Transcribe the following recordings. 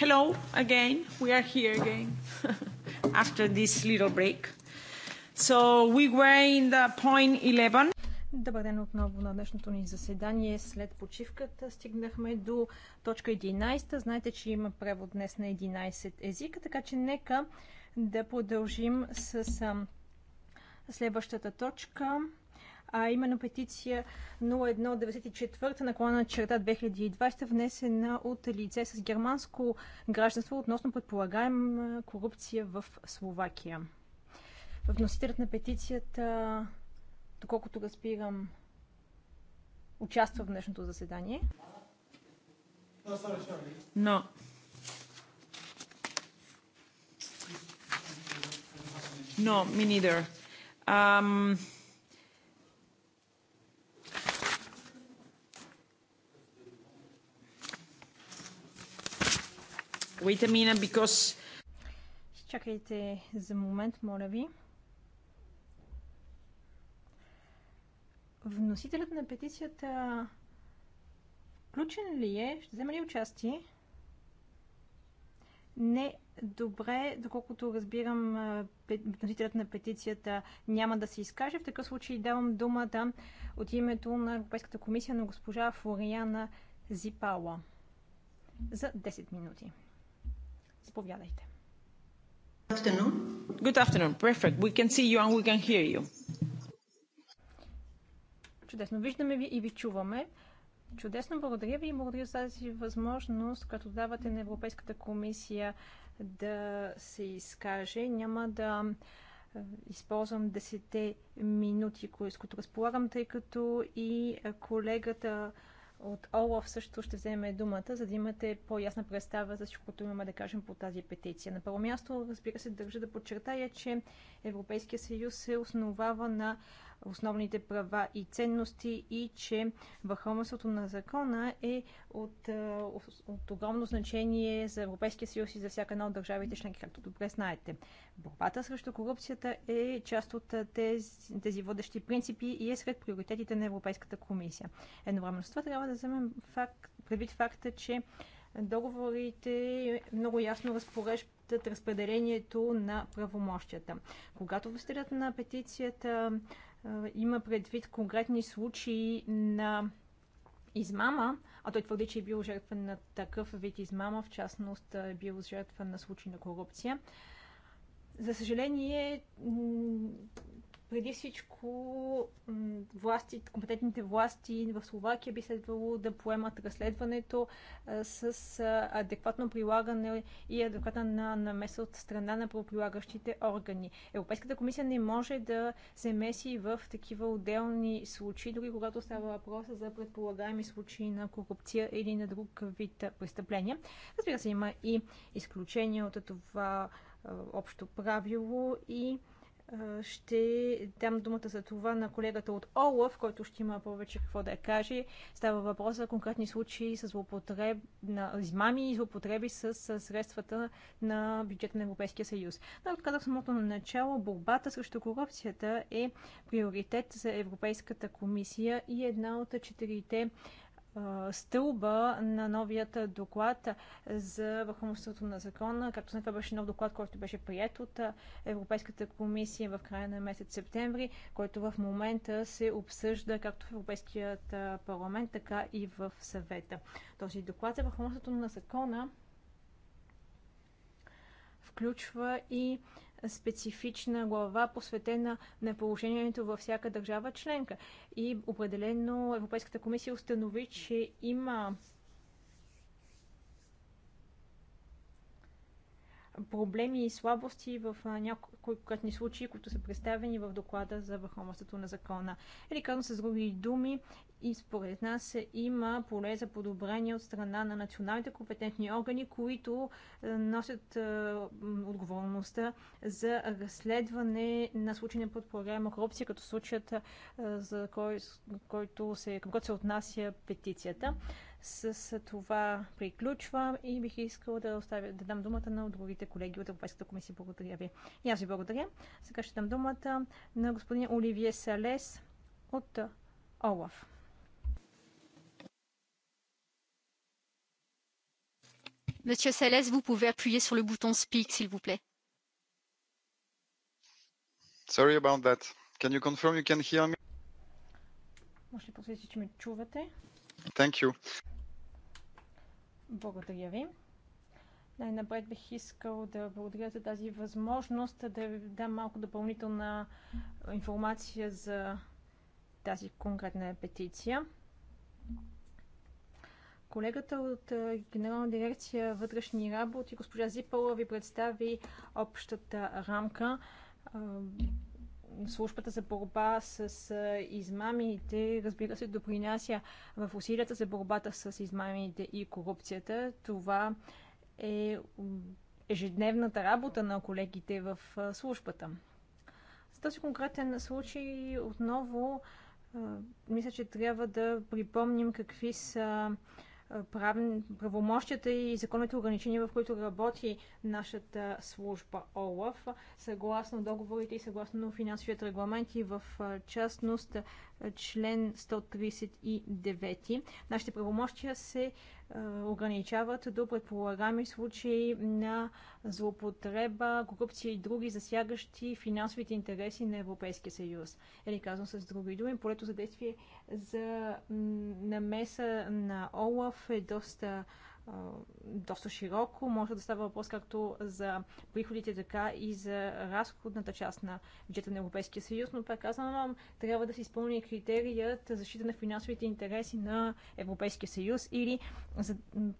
Hello again. We are here again after this little break. So we were in the point 11. Добър ден отново на днешното ни заседание. След почивката стигнахме до точка 11. Знаете, че има превод днес на 11 езика, така че нека да продължим с следващата точка а именно петиция 0194 наклона черта 2020, внесена от лице с германско гражданство относно предполагаема корупция в Словакия. Вносителят на петицията, доколкото разбирам, участва в днешното заседание. Но. No, me neither. Um... Wait a minute, because... Чакайте за момент, моля ви. Вносителят на петицията включен ли е? Ще взема ли участие? Не, добре, доколкото разбирам, вносителят на петицията няма да се изкаже. В такъв случай давам думата от името на Европейската комисия на госпожа Флориана Зипала за 10 минути. Заповядайте. Good afternoon. Perfect. We can see you and we can hear you. Чудесно. Виждаме ви и ви чуваме. Чудесно. Благодаря ви и благодаря за тази възможност, като давате на Европейската комисия да се изкаже. Няма да използвам 10 минути, с които разполагам, тъй като и колегата от Олаф също ще вземе думата, за да имате по-ясна представа за всичко, което имаме да кажем по тази петиция. На първо място, разбира се, държа да подчертая, че Европейския съюз се основава на основните права и ценности и че върховенството на закона е от, е, от огромно значение за Европейския съюз и за всяка една от държавите членки, както добре знаете. Борбата срещу корупцията е част от е, тези, тези водещи принципи и е сред приоритетите на Европейската комисия. Едновременно с това трябва да вземем факт, предвид факта, че договорите много ясно разпореждат разпределението на правомощията. Когато възстрелят на петицията има предвид конкретни случаи на измама, а той твърди, че е бил жертва на такъв вид измама, в частност е бил жертва на случай на корупция. За съжаление, преди всичко власти, компетентните власти в Словакия би следвало да поемат разследването с адекватно прилагане и адекватна на намеса от страна на правоприлагащите органи. Европейската комисия не може да се меси в такива отделни случаи, дори когато става въпрос за предполагаеми случаи на корупция или на друг вид престъпления. Разбира се, има и изключения от това общо правило и ще дам думата за това на колегата от ОЛАФ, който ще има повече какво да каже. Става въпрос за конкретни случаи с злоупотреб, на измами и злоупотреби с, средствата на бюджет на Европейския съюз. Но отказах самото на начало, борбата срещу корупцията е приоритет за Европейската комисия и една от четирите стълба на новият доклад за върховенството на закона. Както знаете, това беше нов доклад, който беше прият от Европейската комисия в края на месец септември, който в момента се обсъжда както в Европейският парламент, така и в съвета. Този доклад за върховенството на закона включва и специфична глава, посветена на положението във всяка държава членка. И определено Европейската комисия установи, че има проблеми и слабости в някои конкретни случаи, които са представени в доклада за върховенството на закона. Или казвам с други думи, и според нас има поле за подобрение от страна на националните компетентни органи, които носят отговорността за разследване на случаи на подпрограма корупция, като случаят, за кой, който се, към който се отнася петицията. С това приключвам и бих искала да, оставя, да дам думата на другите колеги от Европейската комисия. Благодаря ви. И аз ви благодаря. Сега ще дам думата на господин Оливие Салес от ОЛАФ. Monsieur Salès, vous pouvez appuyer sur le bouton Speak, s'il vous plaît. Sorry about that. Can you confirm you can hear me? Thank you. Благодаря ви. Най-напред бих искал да благодаря за тази възможност да ви дам малко допълнителна информация за тази конкретна петиция. Колегата от Генерална дирекция вътрешни работи, госпожа Зипала, ви представи общата рамка службата за борба с измамите, разбира се, допринася в усилията за борбата с измамите и корупцията. Това е ежедневната работа на колегите в службата. За този конкретен случай отново мисля, че трябва да припомним какви са прав... правомощията и законните ограничения, в които работи нашата служба ОЛАФ, съгласно договорите и съгласно финансовият регламент и в частност член 139. Нашите правомощия се ограничават до предполагами случаи на злоупотреба, корупция и други засягащи финансовите интереси на Европейския съюз. Или казвам с други думи, полето за действие за намеса на ОЛАФ е доста доста широко. Може да става въпрос както за приходите, така и за разходната част на бюджета на Европейския съюз, но пак казвам, трябва да се изпълни критерият защита на финансовите интереси на Европейския съюз или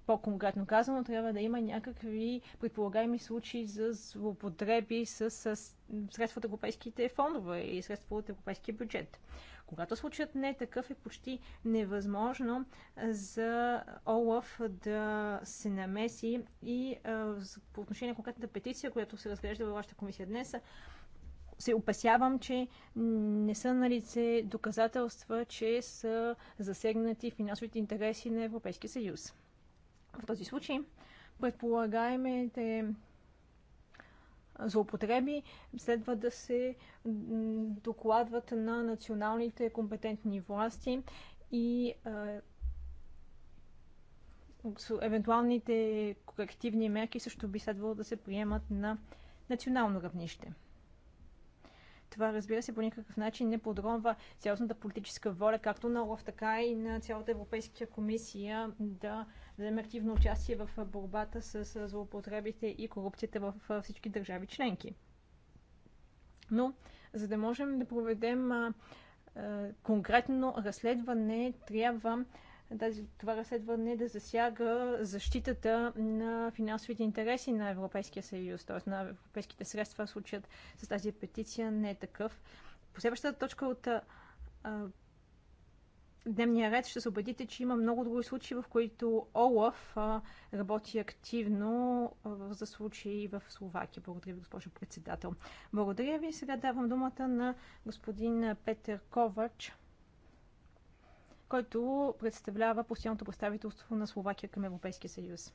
по-конкретно казано, трябва да има някакви предполагаеми случаи за злоупотреби с, с средства от европейските фондове и средства от европейския бюджет. Когато случаят не е такъв, е почти невъзможно за ОЛАФ да се намеси и по отношение на конкретната петиция, която се разглежда във вашата комисия днес, се опасявам, че не са на лице доказателства, че са засегнати финансовите интереси на Европейския съюз. В този случай, предполагаемите злоупотреби, следва да се докладват на националните компетентни власти и евентуалните корективни мерки също би следвало да се приемат на национално равнище. Това, разбира се, по никакъв начин не подронва цялостната политическа воля, както на ОЛАФ, така и на цялата Европейска комисия да вземе активно участие в борбата с злоупотребите и корупцията в всички държави членки. Но, за да можем да проведем конкретно разследване, трябва тази, това разследване да засяга защитата на финансовите интереси на Европейския съюз, т.е. на европейските средства, случаят с тази петиция не е такъв. Последващата точка от а, дневния ред ще се убедите, че има много други случаи, в които ОЛАФ а, работи активно а, за случаи в Словакия. Благодаря ви, госпожо председател. Благодаря ви. Сега давам думата на господин Петър Ковач който представлява постоянното представителство на Словакия към Европейския съюз.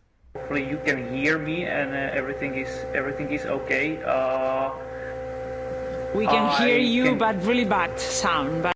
You can hear me and everything is, everything is okay. Uh, We can I hear you, can... but really bad sound. But...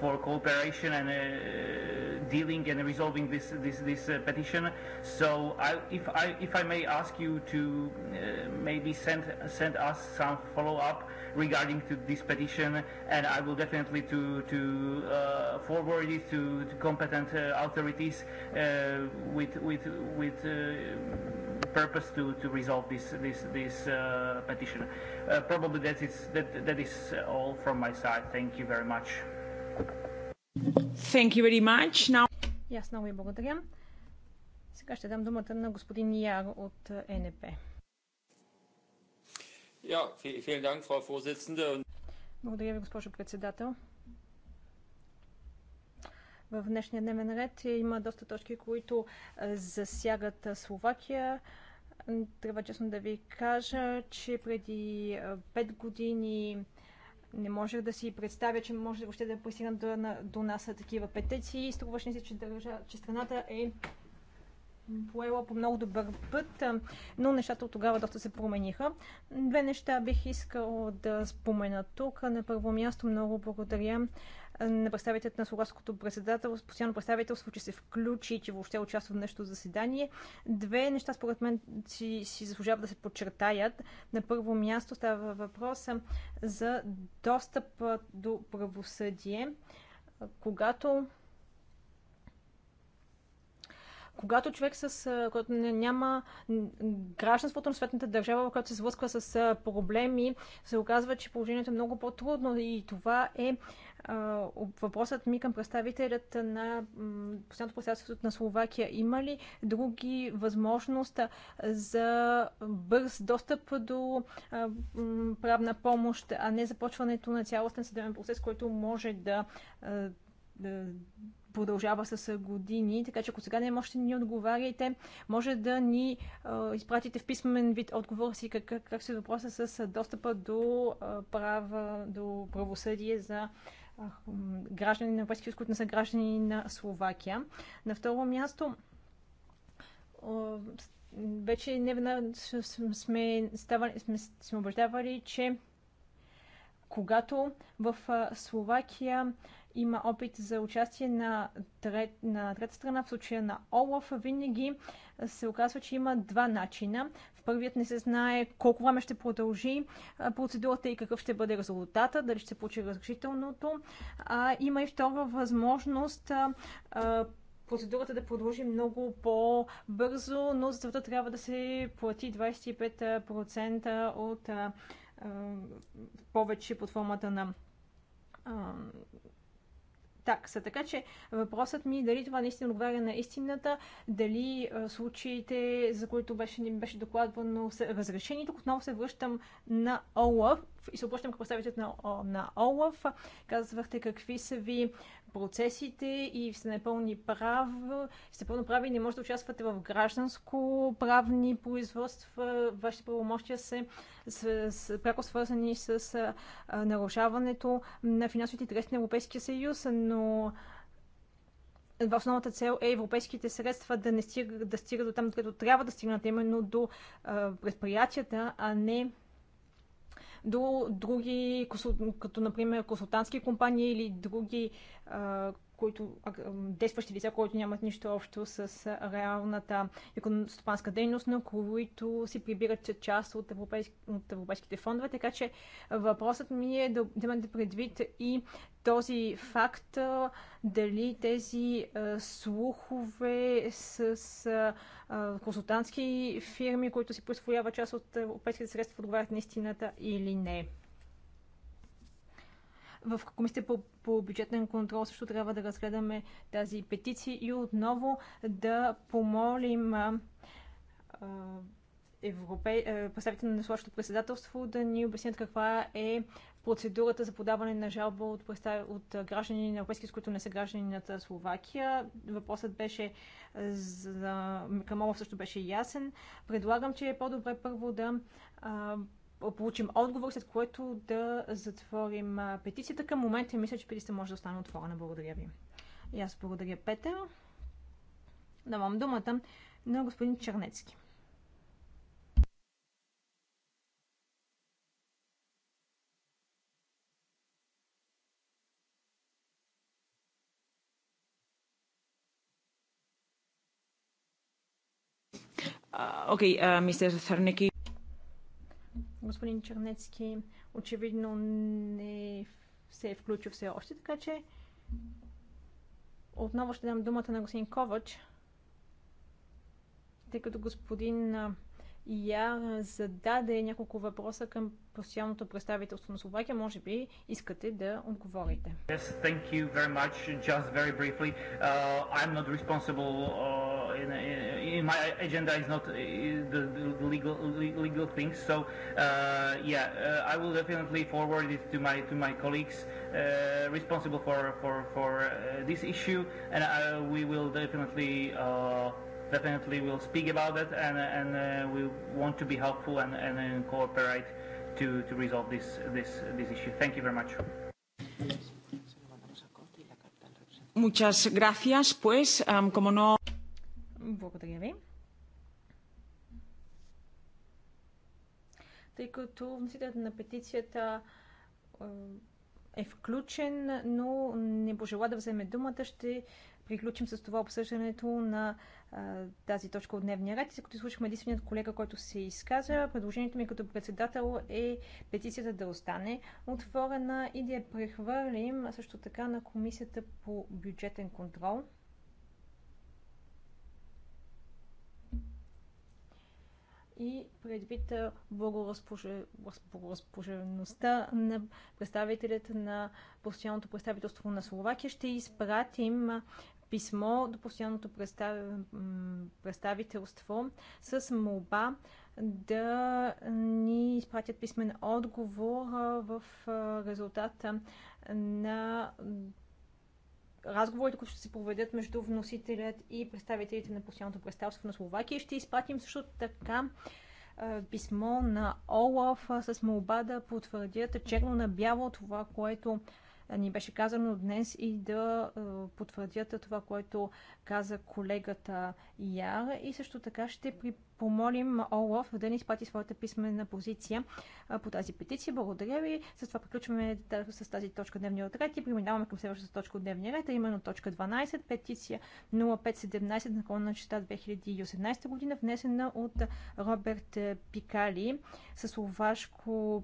for cooperation and uh dealing and resolving this this this uh petition. So I, if I if I may ask you to uh maybe send send us some follow up regarding to this petition, and I will definitely to to uh, forward it to, to competent uh, authorities uh, with with with uh, purpose to, to resolve this this this uh, petition. Uh, probably that is that that is all from my side. Thank you very much. Thank you very much. Now... И аз много ви благодаря. Сега ще дам думата на господин Яр от е НП. vielen Dank, Frau Vorsitzende. Благодаря ви, госпожо председател. В днешния дневен ред има доста точки, които засягат Словакия. Трябва честно да ви кажа, че преди 5 години не можех да си представя, че може въобще да постигнат до, до нас такива петиции. Струваше се, че, държа, че страната е поела по много добър път, но нещата от тогава доста се промениха. Две неща бих искал да спомена тук. На първо място много благодаря на представителите на Слугарското председателство, постоянно представителство, че се включи, че въобще участва в днешното заседание. Две неща, според мен, си, си заслужават да се подчертаят. На първо място става въпроса за достъп до правосъдие. Когато когато човек с, който няма гражданството на светната държава, която се сблъсква с проблеми, се оказва, че положението е много по-трудно и това е въпросът ми към представителят на постоянното председателство на Словакия. Има ли други възможности за бърз достъп до правна помощ, а не започването на цялостен съдебен процес, който може да, да продължава с години, така че ако сега не можете да ни отговаряйте, може да ни а, изпратите в писмен вид отговор си как, как се въпроса с достъпа до, а, права, до правосъдие за а, граждани на Европейския съюз, които не са граждани на Словакия. На второ място, а, вече не веднъж сме, ставали, сме, сме убеждавали, че когато в Словакия има опит за участие на, трет, на трета страна, в случая на Олаф, винаги се оказва, че има два начина. В първият не се знае колко време ще продължи процедурата и какъв ще бъде резултата, дали ще се получи разрешителното. А, има и втора възможност а, процедурата да продължи много по-бързо, но за това трябва да се плати 25% от а, повече под формата на такса. Така че въпросът ми е дали това наистина отговаря на истината, дали случаите, за които беше, ни беше докладвано, разрешението, отново се връщам на ОЛАФ и се обръщам към представителите на, на ОЛАФ. Казвахте какви са ви процесите и сте напълни прави, сте пълно прави и не можете да участвате в гражданско-правни производства. Вашите правомощия се с, с, пряко свързани с а, нарушаването на финансовите интереси на Европейския съюз, но в основната цел е европейските средства да не стигат да стига до там, където трябва да стигнат, именно до а, предприятията, а не до други, като например консултантски компании или други а, които, действащи лица, които нямат нищо общо с реалната стопанска дейност, но които си прибират част от, европейски, от европейските фондове. Така че въпросът ми е да, да имате предвид и този факт, дали тези слухове с консултантски фирми, които си присвояват част от европейските средства, отговарят на истината или не. В комисията по, по бюджетен контрол също трябва да разгледаме тази петиция и отново да помолим а, европе... представители на Словашкото председателство да ни обяснят каква е процедурата за подаване на жалба от, от граждани на с които не са граждани на Словакия. Въпросът беше за... към също беше ясен. Предлагам, че е по-добре първо да а, получим отговор, след което да затворим петицията. Към момента мисля, че петицията може да остане отворена. Благодаря ви. И аз благодаря Петър. Давам думата на господин Чернецки. Окей, мистер Сърнеки господин Чернецки очевидно не се е включил все още, така че отново ще дам думата на господин Ковач, тъй като господин я зададе няколко въпроса към постоянното представителство на Словакия. Може би искате да отговорите. Yes, thank you very much. Just very briefly, uh, I'm not responsible uh, in, in, in my agenda is not the, the legal legal things. So uh, yeah, uh, I will definitely forward it to my to my colleagues uh, responsible for for for uh, this issue, and uh, we will definitely. Uh, definitely will speak about it and, and uh, we want to be helpful and, and cooperate to, to resolve this, this, this issue. Thank you very much. Muchas gracias. Pues, um, como no... Un poco Благодаря ви. Тъй като вносителят на петицията е включен, но не пожела да вземе думата, ще приключим с това обсъждането на а, тази точка от дневния ред. И като слушахме единственият колега, който се изказа, предложението ми като председател е петицията да остане отворена и да я прехвърлим също така на комисията по бюджетен контрол. и предвид благоразположеността на представителят на постоянното представителство на Словакия, ще изпратим писмо до постоянното представителство с молба да ни изпратят писмен отговор в резултата на разговорите, които ще се проведат между вносителят и представителите на постоянното представство на Словакия. Ще изпратим също така писмо на Олаф с молба да потвърдят черно на бяло това, което ни беше казано днес и да е, потвърдят това, което каза колегата Яр. И също така ще припомня помолим ОЛАФ да ни изплати своята писмена позиция по тази петиция. Благодаря ви. С това приключваме с тази точка дневния ред и преминаваме към следващата точка от дневния ред, а именно точка 12, петиция 0517 на наклонна чета 2018 година, внесена от Роберт Пикали с словашко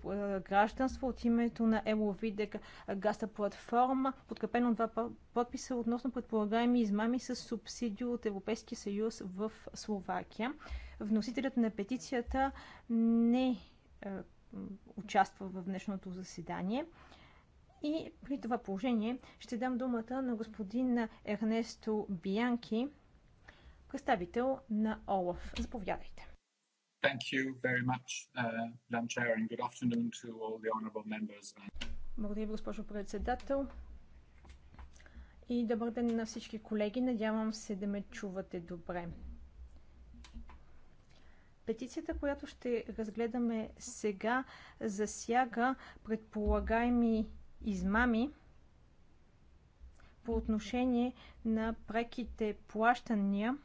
гражданство от името на Еловидек Гаста платформа, подкрепено от два подписа относно предполагаеми измами с субсидии от Европейския съюз в Словакия вносителят на петицията не е, участва в днешното заседание. И при това положение ще дам думата на господин Ернесто Бианки, представител на ОЛАФ. Заповядайте. Thank you very much, uh, and good afternoon to all the honorable members. Благодаря ви, госпожо председател. И добър ден на всички колеги. Надявам се да ме чувате добре. Петицията, която ще разгледаме сега, засяга предполагаеми измами по отношение на преките плащания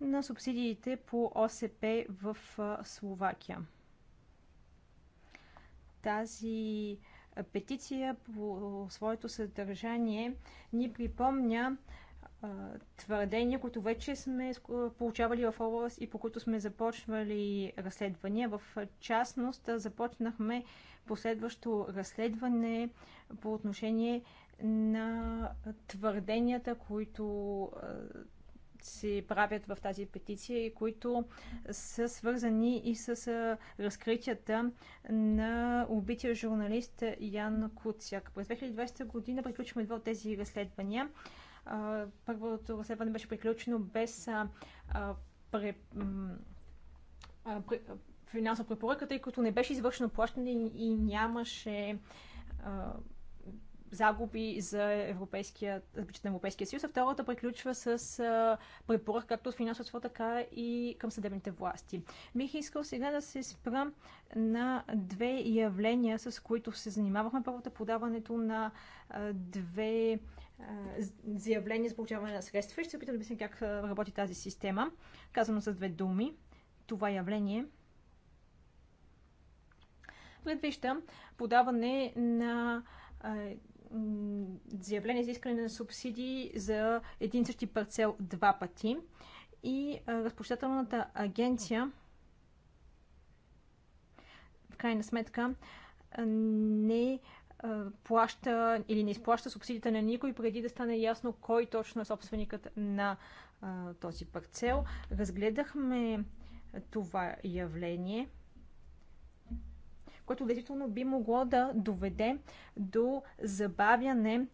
на субсидиите по ОСП в Словакия. Тази петиция по своето съдържание ни припомня твърдения, които вече сме получавали в област и по които сме започвали разследвания. В частност, започнахме последващо разследване по отношение на твърденията, които се правят в тази петиция и които са свързани и с разкритията на убития журналист Ян Куцяк. През 2020 година приключваме два от тези разследвания първото разследване беше приключено без а, а, пре, а, пре, финансова препоръка, тъй като не беше извършено плащане и нямаше а, загуби за европейския, на Европейския съюз, а втората приключва с а, препоръка както от финансовото, така и към съдебните власти. Бих искал сега да се спра на две явления, с които се занимавахме. Първото е подаването на а, две заявление за получаване на средства. Ще се опитам да обясня как работи тази система. Казано с две думи, това явление предвижда подаване на заявление за искане на субсидии за един същи парцел два пъти и разпочитателната агенция в крайна сметка не е плаща или не изплаща субсидията на никой, преди да стане ясно кой точно е собственикът на този парцел. Разгледахме това явление, което действително би могло да доведе до забавяне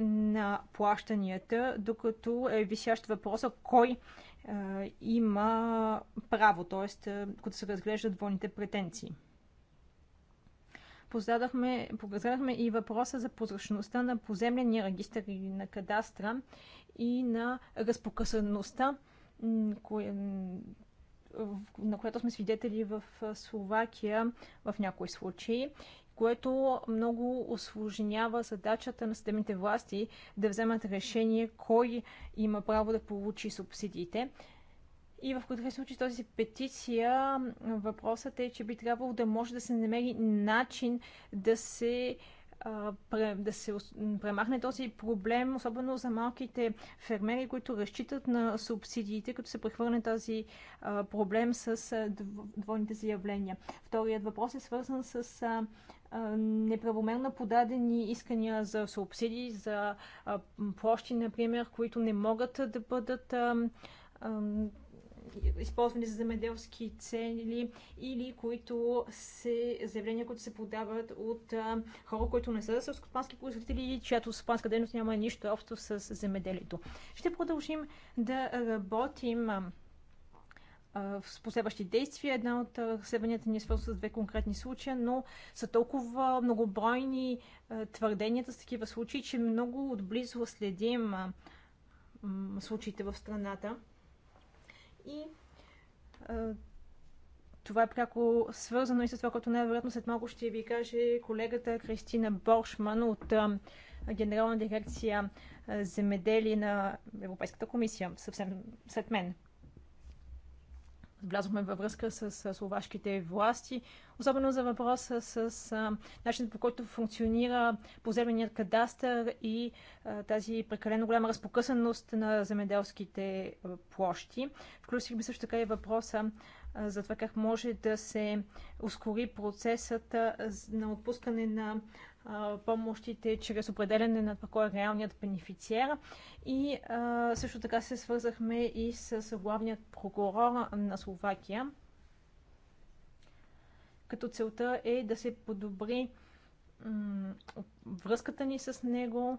на плащанията, докато е висящ въпроса кой има право, т.е. като се разглеждат двойните претенции. Позадахме, показахме и въпроса за прозрачността на поземления регистр и на кадастра и на разпокъсаността, на която сме свидетели в Словакия в някои случаи което много осложнява задачата на съдебните власти да вземат решение кой има право да получи субсидиите. И в който случай с този петиция въпросът е, че би трябвало да може да се намери начин да се да се премахне този проблем, особено за малките фермери, които разчитат на субсидиите, като се прехвърне този проблем с двойните заявления. Вторият въпрос е свързан с неправомерно подадени искания за субсидии, за площи, например, които не могат да бъдат използвани за земеделски цели или които се, заявления, които се подават от а, хора, които не са селскостопански производители и чиято стопанска дейност няма нищо общо с земеделието. Ще продължим да работим с последващи действия. Една от разследванията ни е свързана с две конкретни случая, но са толкова многобройни твърденията с такива случаи, че много отблизо следим случаите в страната и а, това е пряко свързано и с това, което най-вероятно след малко ще ви каже колегата Кристина Боршман от а, Генерална дирекция а, земеделие на Европейската комисия, съвсем след мен влязохме във връзка с словашките власти, особено за въпроса с начинът по който функционира поземленият кадастър и тази прекалено голяма разпокъсаност на земеделските площи. Включихме също така и въпроса за това как може да се ускори процесът на отпускане на помощите чрез определене на кой е реалният бенефициер. И а, също така се свързахме и с главният прокурор на Словакия, като целта е да се подобри връзката ни с него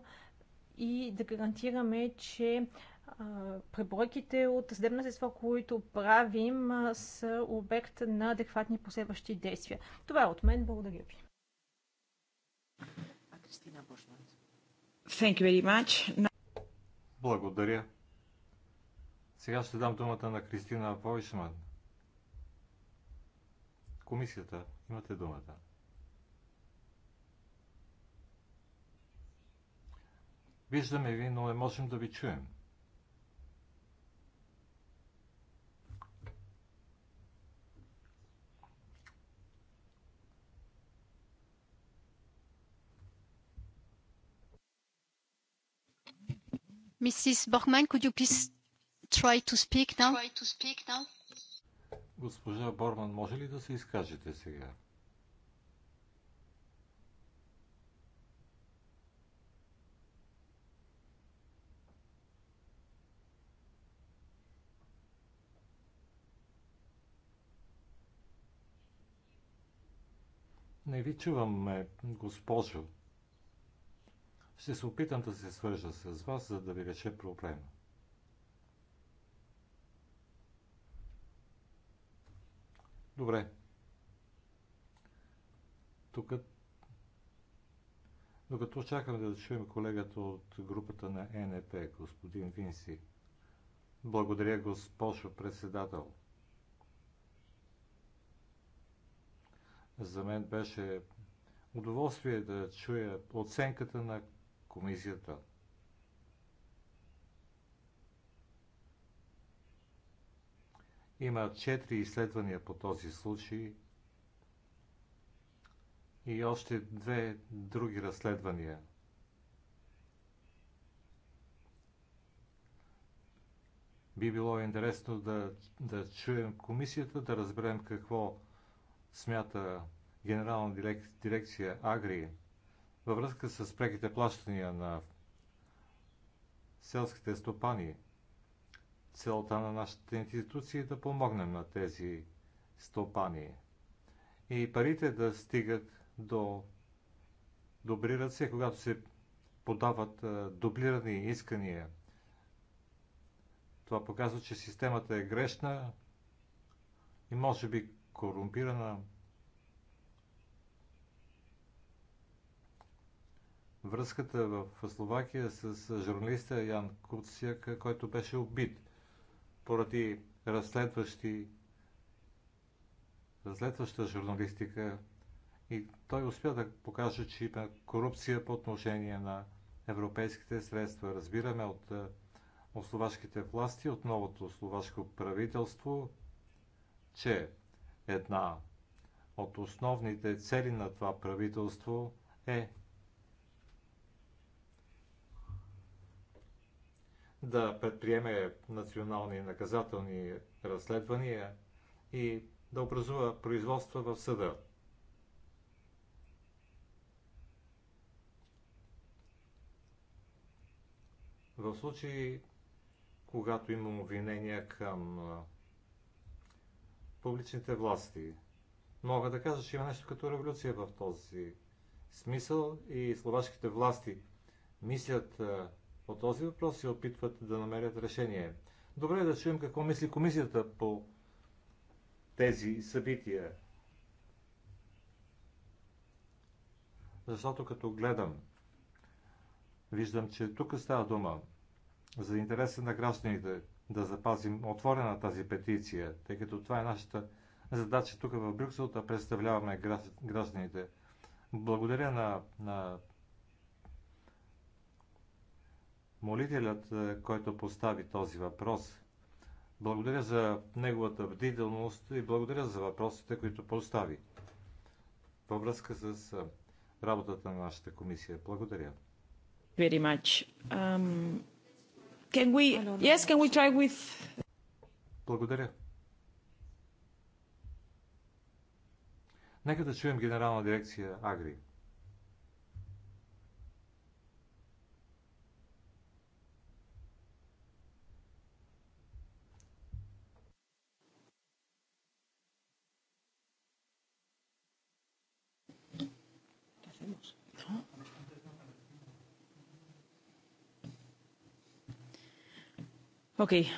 и да гарантираме, че пребройките от съдебна средства, които правим, са обект на адекватни последващи действия. Това е от мен. Благодаря ви. Благодаря. Сега ще дам думата на Кристина Войшман. Комисията, имате думата. Виждаме ви, но не можем да ви чуем. Mrs. Borgman, could you please try to speak now? Try to speak now. Госпожа Борман, може ли да се изкажете сега? Не ви чувам, госпожо. Ще се опитам да се свържа с вас, за да ви реша проблема. Добре. Тук, докато чакаме да чуем колегата от групата на НП, господин Винси, благодаря госпожо председател. За мен беше удоволствие да чуя оценката на комисията. Има четири изследвания по този случай и още две други разследвания. Би било интересно да, да чуем комисията, да разберем какво смята Генерална дирекция Агри във връзка с преките плащания на селските стопани. Целта на нашите институции е да помогнем на тези стопани и парите да стигат до добри ръце, когато се подават дублирани искания. Това показва, че системата е грешна и може би корумпирана. връзката в Словакия с журналиста Ян Куцяк, който беше убит поради разследващи разследваща журналистика и той успя да покаже, че има корупция по отношение на европейските средства. Разбираме от, е, от словашките власти, от новото словашко правителство, че една от основните цели на това правителство е да предприеме национални наказателни разследвания и да образува производства в съда. В случаи, когато имам обвинения към публичните власти, мога да кажа, че има нещо като революция в този смисъл и словашките власти мислят по този въпрос се опитват да намерят решение. Добре е да чуем какво мисли комисията по тези събития. Защото като гледам, виждам, че тук става дума за интереса на гражданите да запазим отворена тази петиция, тъй като това е нашата задача тук в Брюксел да представляваме гражданите. Благодаря на, на молителят, е, който постави този въпрос. Благодаря за неговата бдителност и благодаря за въпросите, които постави във връзка с е, работата на нашата комисия. Благодаря. Very much. Um, can we... Yes, can we try with... Благодаря. Нека да чуем генерална дирекция Агри. Okay.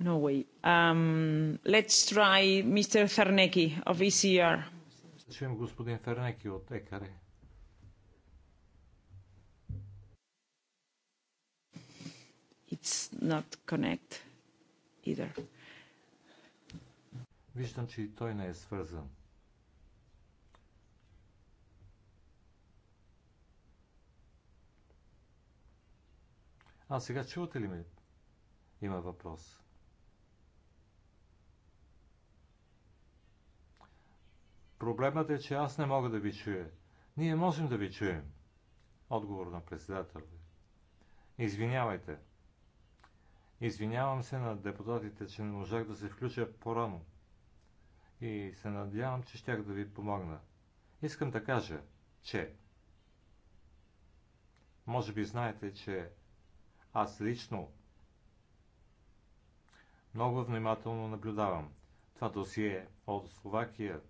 No way. Um, let's try Mr. Fernecki of ECR. господин Фернеки от It's not connect either. Виждам, че и той не е свързан. А сега чувате ли ме? Има въпрос. Проблемът е, че аз не мога да ви чуя. Ние можем да ви чуем. Отговор на председател. Е. Извинявайте. Извинявам се на депутатите, че не можах да се включа по-рано. И се надявам, че щях да ви помогна. Искам да кажа, че... Може би знаете, че аз лично много внимателно наблюдавам това досие от Словакия.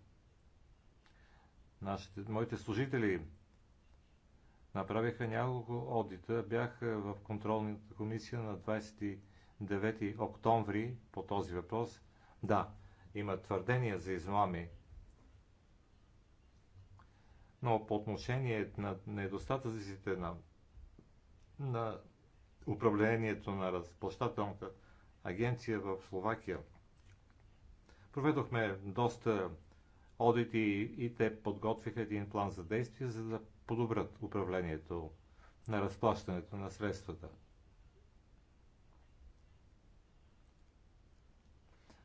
Нашите, моите служители направиха няколко одита, бях в контролната комисия на 29 октомври по този въпрос. Да, има твърдения за измами, но по отношение на недостатъците на, на управлението на разплащателната агенция в Словакия. Проведохме доста одити и те подготвиха един план за действие, за да подобрят управлението на разплащането на средствата.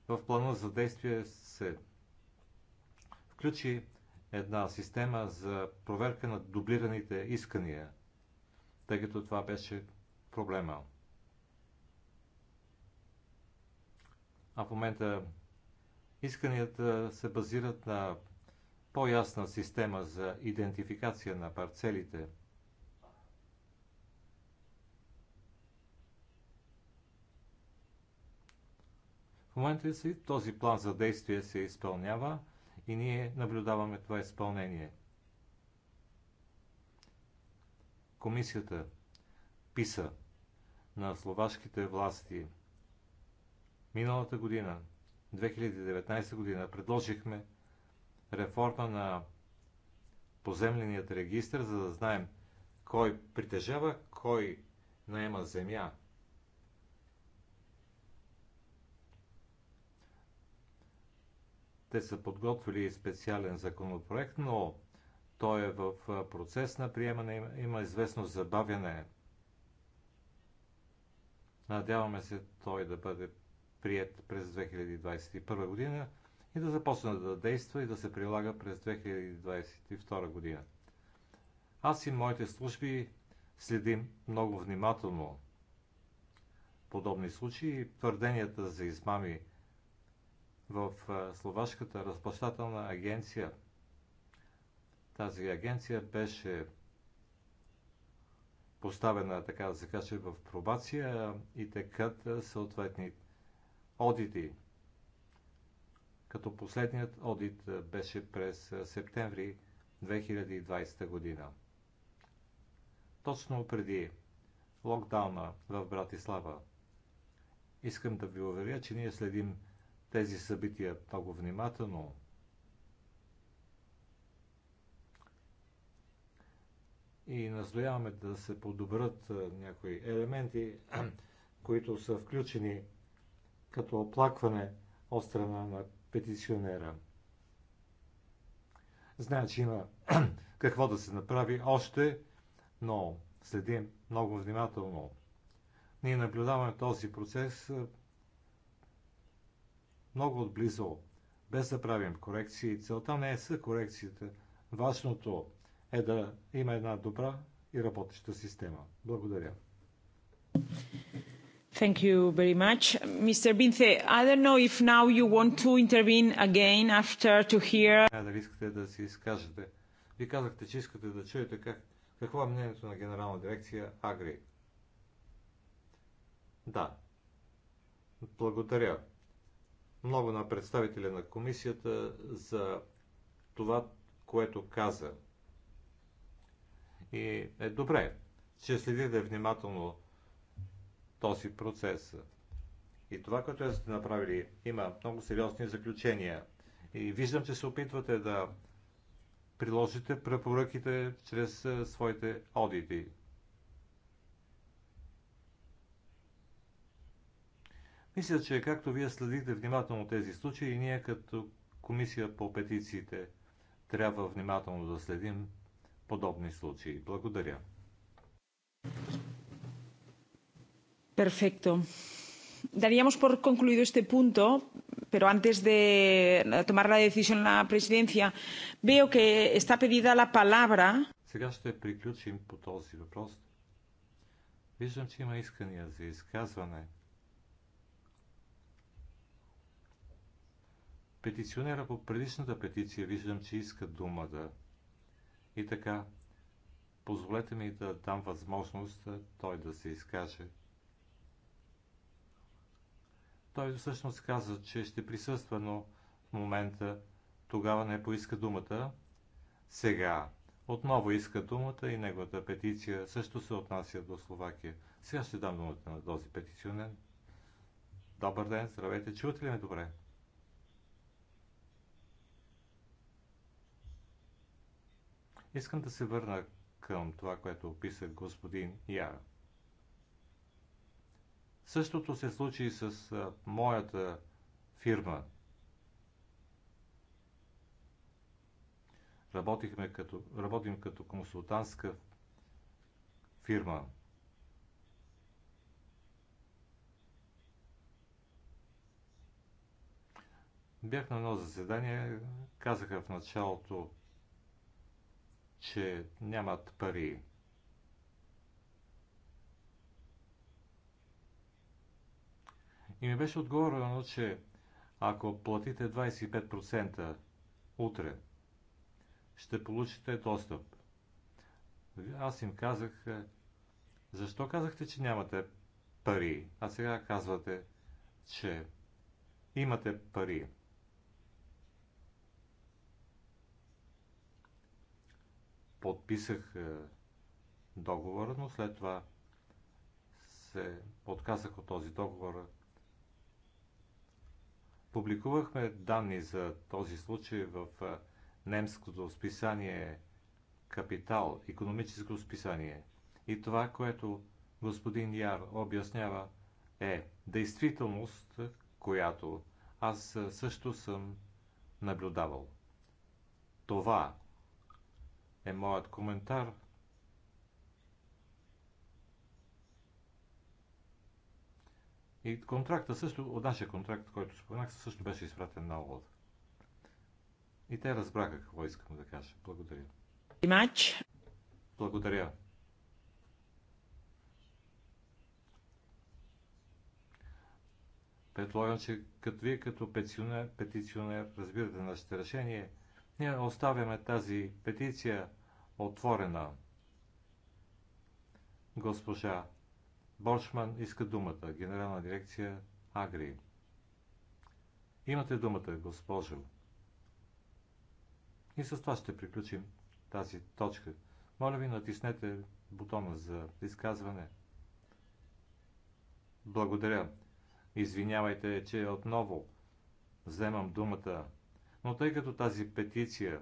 В плана за действие се включи една система за проверка на дублираните искания, тъй като това беше проблема. А в момента исканията се базират на по-ясна система за идентификация на парцелите. В момента си този план за действие се изпълнява и ние наблюдаваме това изпълнение. Комисията ПИСА на словашките власти. Миналата година, 2019 година, предложихме реформа на поземленият регистр, за да знаем кой притежава, кой наема земя. Те са подготвили специален законопроект, но той е в процес на приемане. Има известно забавяне Надяваме се той да бъде прият през 2021 година и да започне да действа и да се прилага през 2022 година. Аз и моите служби следим много внимателно подобни случаи. Твърденията за измами в Словашката разплащателна агенция. Тази агенция беше поставена, така да се каже, в пробация и текат съответни одити. Като последният одит беше през септември 2020 година. Точно преди локдауна в Братислава. Искам да ви уверя, че ние следим тези събития много внимателно. и настояваме да се подобрят някои елементи, които са включени като оплакване от страна на петиционера. Знае, че има какво да се направи още, но следим много внимателно. Ние наблюдаваме този процес много отблизо, без да правим корекции. Целта не е са корекцията. Важното е да има една добра и работеща система. Благодаря. Thank you very much. Mr. Bince, I don't know if now you want to intervene again after to hear... дали искате да си изкажете? Ви казахте, че искате да чуете как, какво е мнението на Генерална дирекция Агри. Да. Благодаря много на представителя на комисията за това, което каза. И е добре, че следите внимателно този процес. И това, което сте направили, има много сериозни заключения. И виждам, че се опитвате да приложите препоръките чрез е, своите одити. Мисля, че както вие следите внимателно тези случаи, ние като комисия по петициите трябва внимателно да следим подобни случаи. Благодаря. Перфекто. Daríamos por concluido este punto, pero antes de tomar la decisión la presidencia, veo que está pedida la palabra. Сега ще приключим по този въпрос. Виждам, че има искания за изказване. Петиционера по предишната петиция виждам, че иска думата. Да и така, позволете ми да дам възможност той да се изкаже. Той всъщност каза, че ще присъства, но в момента тогава не поиска думата. Сега отново иска думата и неговата петиция също се отнася до Словакия. Сега ще дам думата на този петиционен. Добър ден, здравейте, чувате ли ме добре? Искам да се върна към това, което описа господин Яра. Същото се случи с а, моята фирма. Работихме като, работим като консултантска фирма. Бях на едно заседание, казаха в началото че нямат пари. И ми беше отговорено, че ако платите 25% утре, ще получите достъп. Аз им казах, е, защо казахте, че нямате пари, а сега казвате, че имате пари. подписах е, договора, но след това се отказах от този договор. Публикувахме данни за този случай в е, немското списание Капитал, економическо списание. И това, което господин Яр обяснява, е действителност, която аз е, също съм наблюдавал. Това е моят коментар. И контракта също, от нашия контракт, който споменах, също беше изпратен на ОЛАД. И те разбраха какво искам да кажа. Благодаря. Матч. Благодаря. Предполагам, че като вие като петиционер, петиционер разбирате нашите решения – ние оставяме тази петиция отворена. Госпожа Боршман иска думата, генерална дирекция Агри. Имате думата, госпожо. И с това ще приключим тази точка. Моля ви, натиснете бутона за изказване. Благодаря. Извинявайте, че отново вземам думата но тъй като тази петиция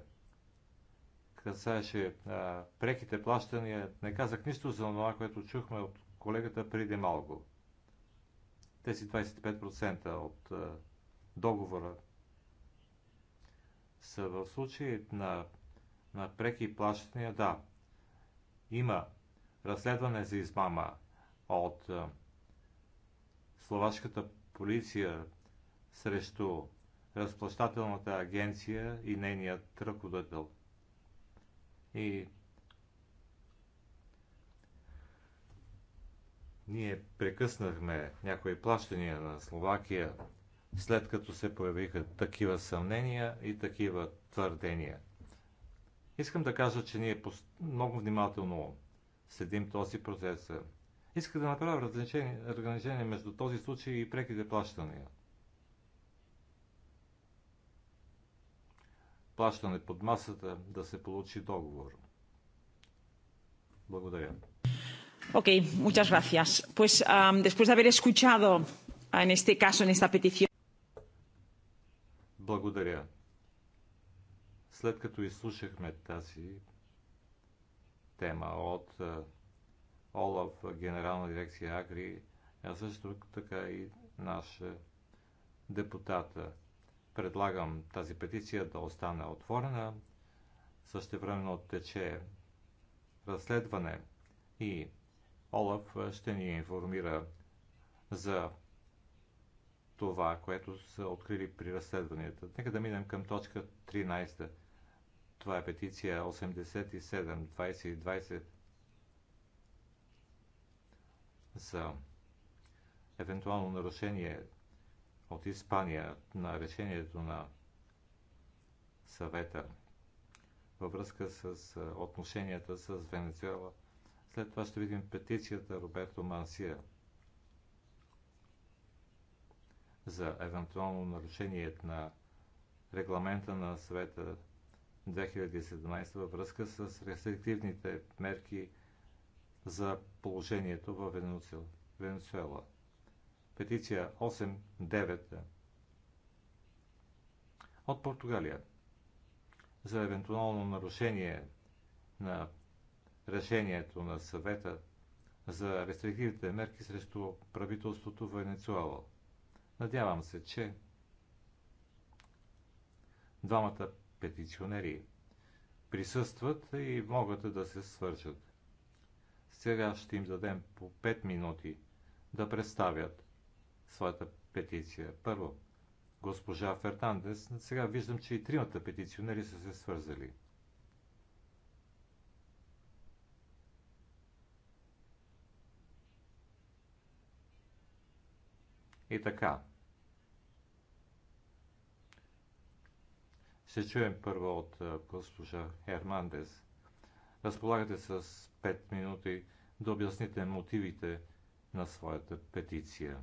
касаеше а, преките плащания, не казах нищо за това, което чухме от колегата преди малко. Тези 25% от а, договора са в случай на, на преки плащания, да. Има разследване за измама от а, словашката полиция срещу разплащателната агенция и нейният ръководител. И ние прекъснахме някои плащания на Словакия, след като се появиха такива съмнения и такива твърдения. Искам да кажа, че ние много внимателно следим този процес. Иска да направя разграничение между този случай и преките плащания – плащане под масата да се получи договор. Благодаря. Ok, muchas gracias. Pues um, después de haber escuchado ah, en este caso, en esta petición. Благодаря. След като изслушахме тази тема от Олаф, Генерална дирекция Агри, а също така и наша депутата Предлагам тази петиция да остане отворена. също времено тече разследване и Олаф ще ни информира за това, което са открили при разследванията. Нека да минем към точка 13. Това е петиция 87-2020 за евентуално нарушение от Испания на решението на съвета във връзка с отношенията с Венецуела. След това ще видим петицията Роберто Мансия за евентуално нарушение на регламента на съвета 2017 във връзка с рестриктивните мерки за положението в Венецуела петиция 8-9 от Португалия за евентуално нарушение на решението на съвета за рестриктивните мерки срещу правителството в Венецуела. Надявам се, че двамата петиционери присъстват и могат да се свържат. Сега ще им дадем по 5 минути да представят своята петиция. Първо, госпожа Фернандес. Сега виждам, че и тримата петиционери са се свързали. И така. Ще чуем първо от госпожа Хермандес. Разполагате с 5 минути да обясните мотивите на своята петиция.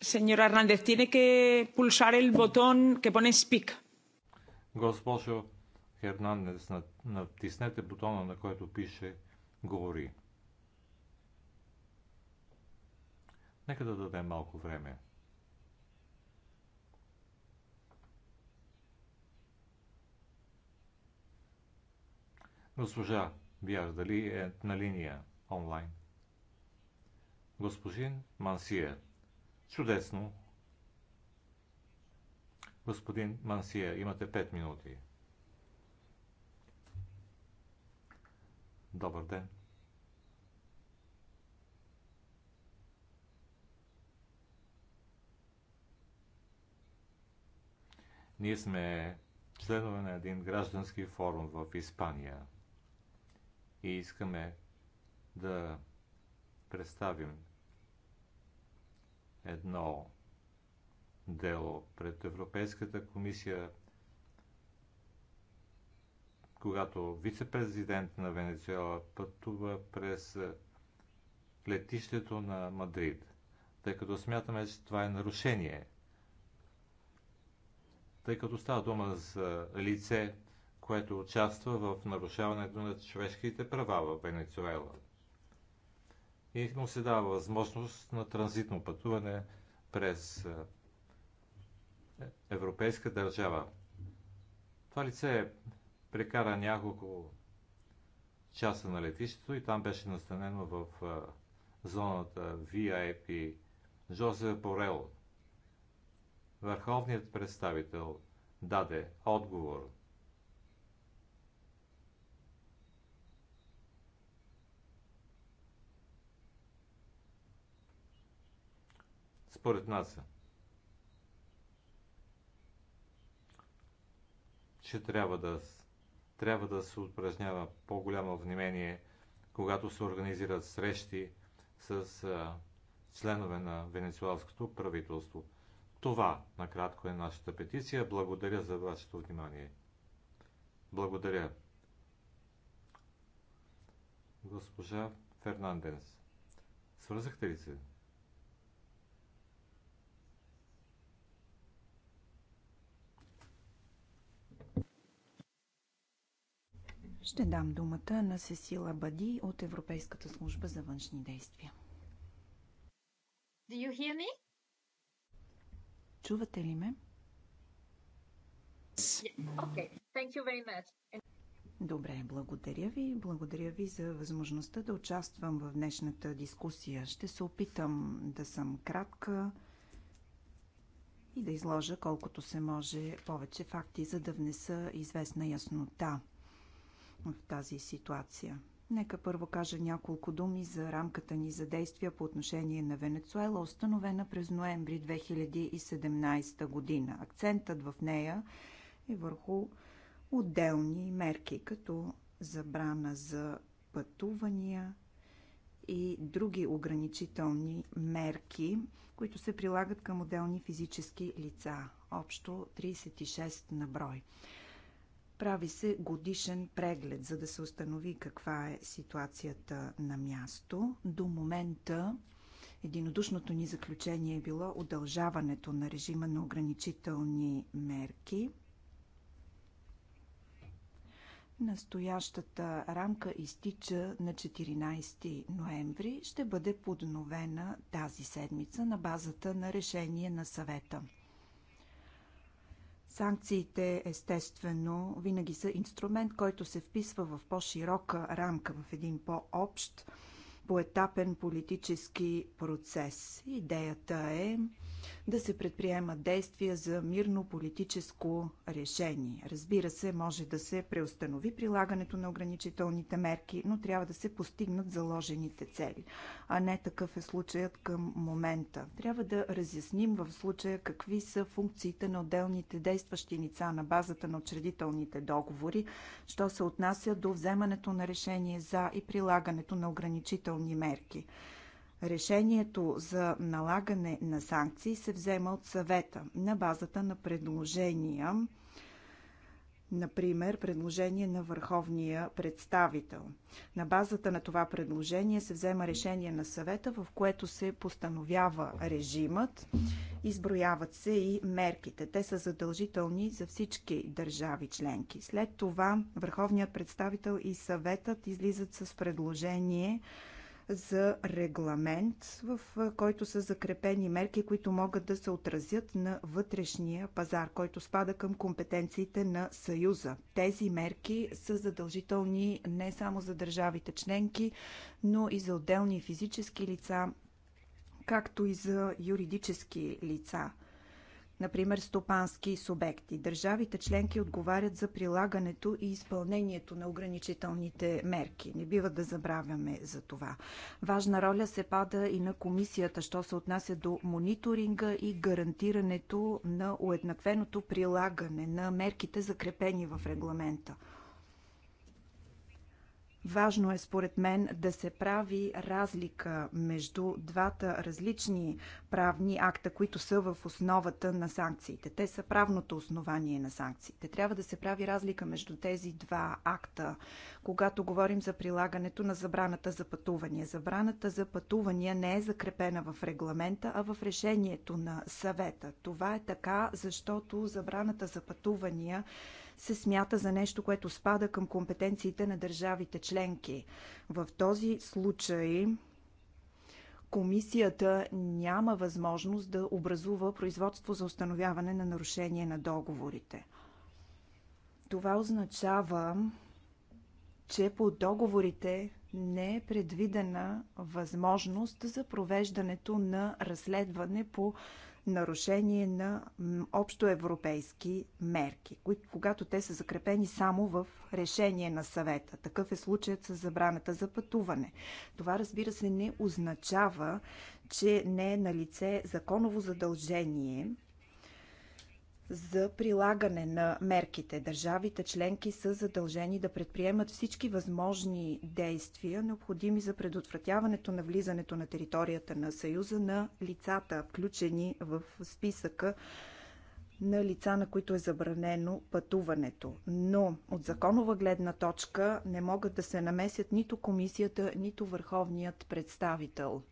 Señor Hernández, tiene que pulsar el botón que pone speak. Госпожо Хернандес, натиснете бутона, на който пише говори. Нека да дадем малко време. Госпожа Бяр, дали е на линия онлайн? Господин Мансиер. Чудесно. Господин Мансия, имате 5 минути. Добър ден. Ние сме членове на един граждански форум в Испания и искаме да представим едно дело пред Европейската комисия, когато вице-президент на Венецуела пътува през летището на Мадрид, тъй като смятаме, че това е нарушение. Тъй като става дума за лице, което участва в нарушаването на човешките права в Венецуела – и му се дава възможност на транзитно пътуване през е, европейска държава. Това лице прекара няколко часа на летището и там беше настанено в е, зоната VIP Жозеф Борел. Върховният представител даде отговор Според нас е, че трябва да, трябва да се упражнява по-голямо внимание, когато се организират срещи с а, членове на венецуалското правителство. Това накратко е нашата петиция. Благодаря за вашето внимание. Благодаря. Госпожа Фернандес, свързахте ли се? Ще дам думата на Сесила Бади от Европейската служба за външни действия. Do you hear me? Чувате ли ме? Okay. Thank you very much. Добре, благодаря ви. Благодаря ви за възможността да участвам в днешната дискусия. Ще се опитам да съм кратка и да изложа колкото се може повече факти, за да внеса известна яснота в тази ситуация. Нека първо кажа няколко думи за рамката ни за действия по отношение на Венецуела, установена през ноември 2017 година. Акцентът в нея е върху отделни мерки, като забрана за пътувания и други ограничителни мерки, които се прилагат към отделни физически лица. Общо 36 на брой. Прави се годишен преглед, за да се установи каква е ситуацията на място. До момента единодушното ни заключение е било удължаването на режима на ограничителни мерки. Настоящата рамка изтича на 14 ноември. Ще бъде подновена тази седмица на базата на решение на съвета. Санкциите, естествено, винаги са инструмент, който се вписва в по-широка рамка, в един по-общ, поетапен политически процес. Идеята е да се предприемат действия за мирно политическо решение. Разбира се, може да се преустанови прилагането на ограничителните мерки, но трябва да се постигнат заложените цели. А не такъв е случаят към момента. Трябва да разясним в случая какви са функциите на отделните действащи лица на базата на учредителните договори, що се отнася до вземането на решение за и прилагането на ограничителни мерки. Решението за налагане на санкции се взема от съвета на базата на предложения, например предложение на върховния представител. На базата на това предложение се взема решение на съвета, в което се постановява режимът, изброяват се и мерките. Те са задължителни за всички държави членки. След това върховният представител и съветът излизат с предложение за регламент, в който са закрепени мерки, които могат да се отразят на вътрешния пазар, който спада към компетенциите на Съюза. Тези мерки са задължителни не само за държавите членки, но и за отделни физически лица, както и за юридически лица – например стопански субекти. Държавите членки отговарят за прилагането и изпълнението на ограничителните мерки. Не бива да забравяме за това. Важна роля се пада и на комисията, що се отнася до мониторинга и гарантирането на уеднаквеното прилагане на мерките, закрепени в регламента. Важно е, според мен, да се прави разлика между двата различни правни акта, които са в основата на санкциите. Те са правното основание на санкциите. Трябва да се прави разлика между тези два акта, когато говорим за прилагането на забраната за пътувания. Забраната за пътувания не е закрепена в регламента, а в решението на съвета. Това е така, защото забраната за пътувания се смята за нещо, което спада към компетенциите на държавите членки. В този случай комисията няма възможност да образува производство за установяване на нарушение на договорите. Това означава, че по договорите не е предвидена възможност за провеждането на разследване по нарушение на общоевропейски мерки, когато те са закрепени само в решение на съвета. Такъв е случаят с забраната за пътуване. Това, разбира се, не означава, че не е на лице законово задължение за прилагане на мерките. Държавите членки са задължени да предприемат всички възможни действия, необходими за предотвратяването на влизането на територията на Съюза на лицата, включени в списъка на лица, на които е забранено пътуването. Но от законова гледна точка не могат да се намесят нито комисията, нито върховният представител,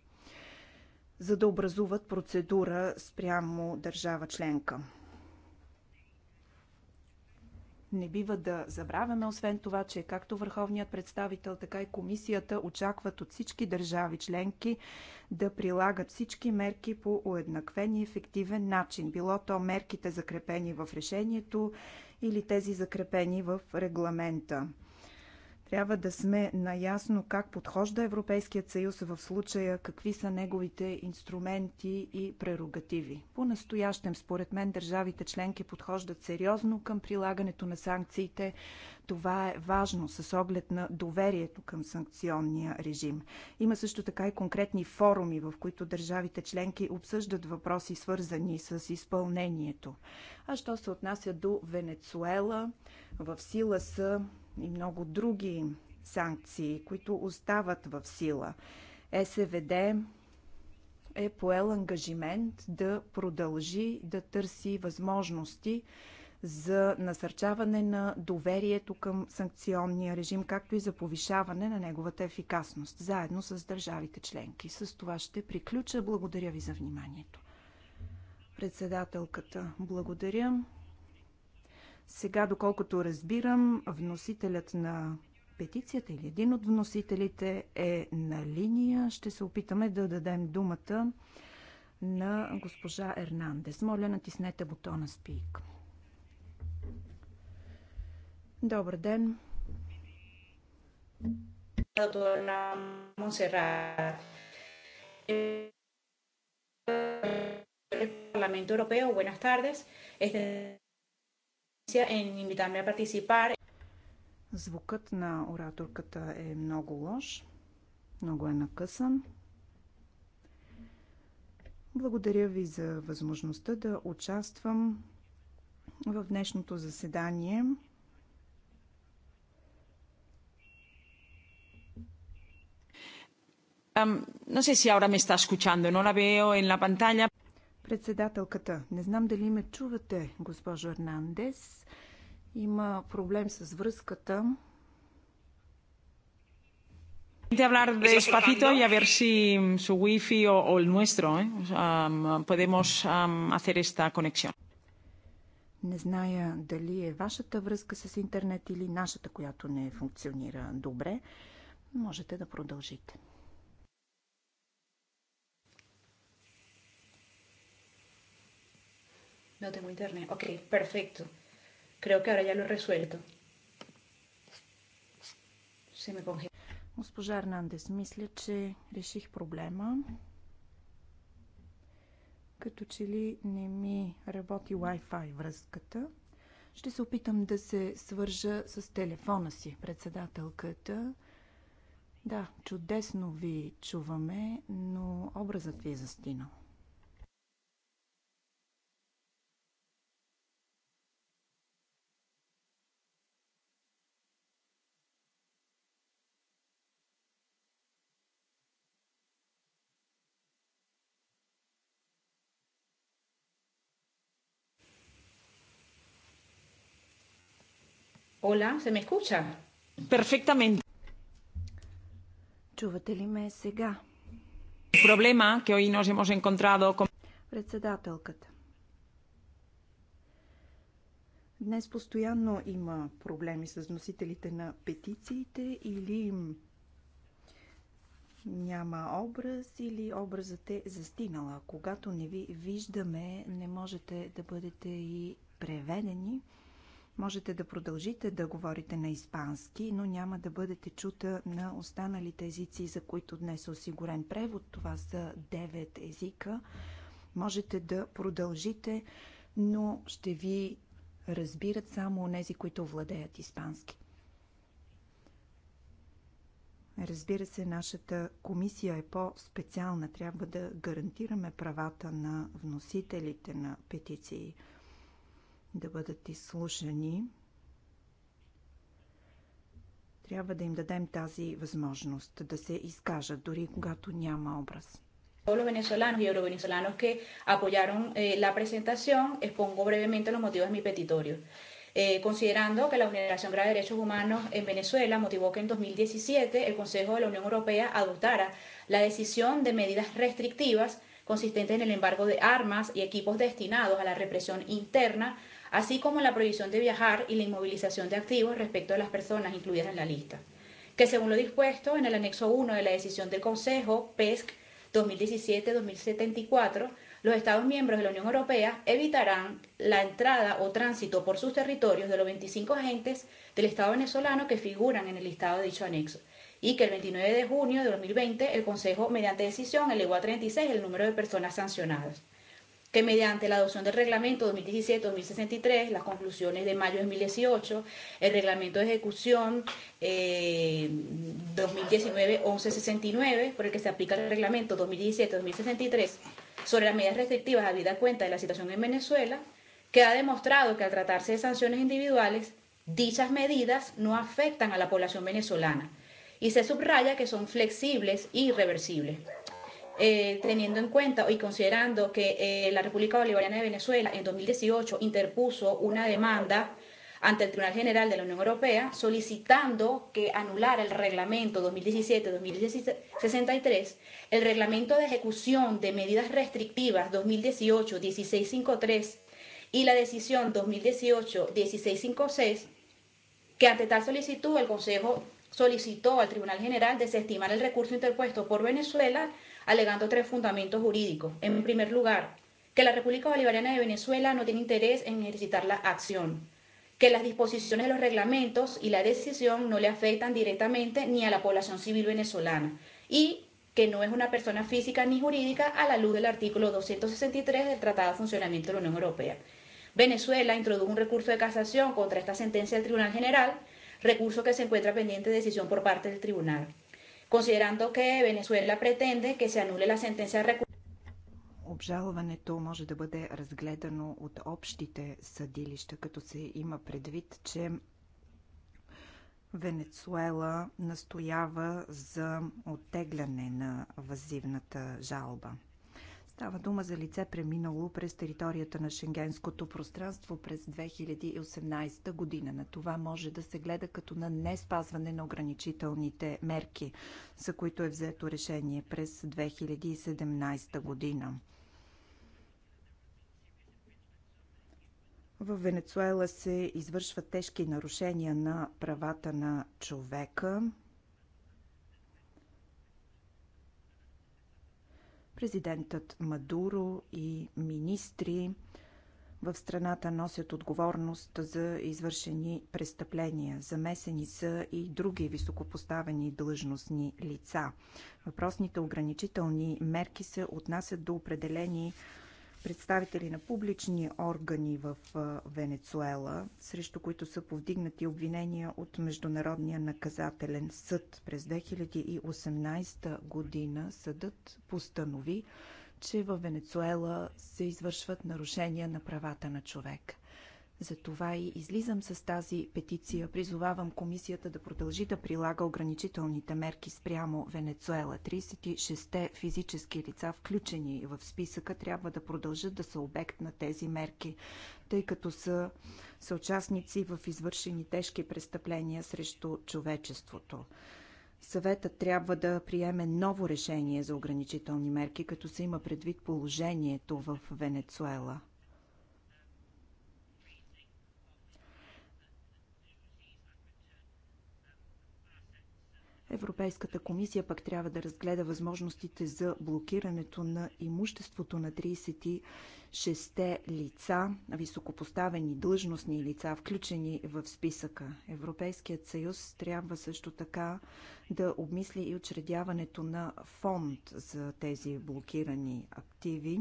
за да образуват процедура спрямо държава членка. Не бива да забравяме, освен това, че както върховният представител, така и комисията очакват от всички държави членки да прилагат всички мерки по уеднаквен и ефективен начин. Било то мерките закрепени в решението или тези закрепени в регламента. Трябва да сме наясно как подхожда Европейският съюз в случая, какви са неговите инструменти и прерогативи. По-настоящем, според мен, държавите членки подхождат сериозно към прилагането на санкциите. Това е важно с оглед на доверието към санкционния режим. Има също така и конкретни форуми, в които държавите членки обсъждат въпроси, свързани с изпълнението. А що се отнася до Венецуела, в сила са и много други санкции, които остават в сила. СВД е поел ангажимент да продължи да търси възможности за насърчаване на доверието към санкционния режим, както и за повишаване на неговата ефикасност, заедно с държавите членки. С това ще приключа. Благодаря ви за вниманието. Председателката, благодаря. Сега, доколкото разбирам, вносителят на петицията или един от вносителите е на линия. Ще се опитаме да дадем думата на госпожа Ернандес. Моля, натиснете бутона Speak. Добър ден! на Монсеррат. Parlamento buenas tardes. Este en invitarme a participar. Звукът на ораторката е много лош, много е накъсан. Благодаря ви за възможността да участвам в днешното заседание. Um, no sé si ahora me está escuchando, no la veo en la pantalla. Председателката, не знам дали ме чувате, госпожо Ернандес. Има проблем с връзката. De hablar despacito y a ver si mm, su wifi o, o el nuestro eh, um, podemos um, hacer esta conexión. Не зная дали е вашата връзка с интернет или нашата, която не функционира добре. Можете да продължите. No tengo internet. Ok, perfecto. Creo que ahora ya lo he resuelto. Se ме congeló. Госпожа Ернандес, мисля, че реших проблема. Като че ли не ми работи Wi-Fi връзката. Ще се опитам да се свържа с телефона си, председателката. Да, чудесно ви чуваме, но образът ви е застинал. Hola, ¿se me escucha? Perfectamente. Чувате ли ме сега? Проблема, que hoy nos hemos encontrado con... Председателката. Днес постоянно има проблеми с носителите на петициите или няма образ или образът е застинала. Когато не ви виждаме, не можете да бъдете и преведени. Можете да продължите да говорите на испански, но няма да бъдете чута на останалите езици, за които днес е осигурен превод. Това са 9 езика. Можете да продължите, но ще ви разбират само онези, които владеят испански. Разбира се, нашата комисия е по-специална. Трябва да гарантираме правата на вносителите на петиции – да бъдат изслушани, трябва да им дадем тази възможност да се изкажат, дори когато няма образ. pueblos venezolanos y eurovenezolanos que apoyaron eh, la presentación, expongo brevemente los motivos de mi petitorio. Eh, considerando que la vulneración grave de derechos humanos en Venezuela motivó que en 2017 el Consejo de la Unión Europea adoptara la decisión de medidas restrictivas consistentes en el embargo de armas y equipos destinados a la represión interna así como la prohibición de viajar y la inmovilización de activos respecto a las personas incluidas en la lista, que según lo dispuesto en el anexo 1 de la decisión del Consejo PESC 2017-2074, los Estados miembros de la Unión Europea evitarán la entrada o tránsito por sus territorios de los 25 agentes del Estado venezolano que figuran en el listado de dicho anexo, y que el 29 de junio de 2020 el Consejo, mediante decisión, elevó a 36 el número de personas sancionadas que mediante la adopción del reglamento 2017-2063, las conclusiones de mayo de 2018, el reglamento de ejecución eh, 2019-1169, por el que se aplica el reglamento 2017-2063 sobre las medidas restrictivas a vida cuenta de la situación en Venezuela, que ha demostrado que al tratarse de sanciones individuales, dichas medidas no afectan a la población venezolana y se subraya que son flexibles y reversibles eh, teniendo en cuenta y considerando que eh, la República Bolivariana de Venezuela en 2018 interpuso una demanda ante el Tribunal General de la Unión Europea solicitando que anulara el reglamento 2017-2063, el reglamento de ejecución de medidas restrictivas 2018-1653 y la decisión 2018-1656, que ante tal solicitud el Consejo solicitó al Tribunal General desestimar el recurso interpuesto por Venezuela alegando tres fundamentos jurídicos. En primer lugar, que la República Bolivariana de Venezuela no tiene interés en ejercitar la acción, que las disposiciones de los reglamentos y la decisión no le afectan directamente ni a la población civil venezolana y que no es una persona física ni jurídica a la luz del artículo 263 del Tratado de Funcionamiento de la Unión Europea. Venezuela introdujo un recurso de casación contra esta sentencia del Tribunal General, recurso que se encuentra pendiente de decisión por parte del Tribunal considerando que Venezuela pretende que se anule la sentencia de Обжалването може да бъде разгледано от общите съдилища, като се има предвид, че Венецуела настоява за оттегляне на въззивната жалба. Става дума за лице преминало през територията на шенгенското пространство през 2018 година. На това може да се гледа като на не спазване на ограничителните мерки, за които е взето решение през 2017 година. В Венецуела се извършват тежки нарушения на правата на човека. Президентът Мадуро и министри в страната носят отговорност за извършени престъпления. Замесени са и други високопоставени длъжностни лица. Въпросните ограничителни мерки се отнасят до определени представители на публични органи в Венецуела, срещу които са повдигнати обвинения от Международния наказателен съд. През 2018 година съдът постанови, че във Венецуела се извършват нарушения на правата на човека. Затова и излизам с тази петиция. Призовавам комисията да продължи да прилага ограничителните мерки спрямо Венецуела. 36-те физически лица, включени в списъка, трябва да продължат да са обект на тези мерки, тъй като са съучастници в извършени тежки престъпления срещу човечеството. Съветът трябва да приеме ново решение за ограничителни мерки, като се има предвид положението в Венецуела. Европейската комисия пък трябва да разгледа възможностите за блокирането на имуществото на 36-те лица, високопоставени длъжностни лица, включени в списъка. Европейският съюз трябва също така да обмисли и учредяването на фонд за тези блокирани активи.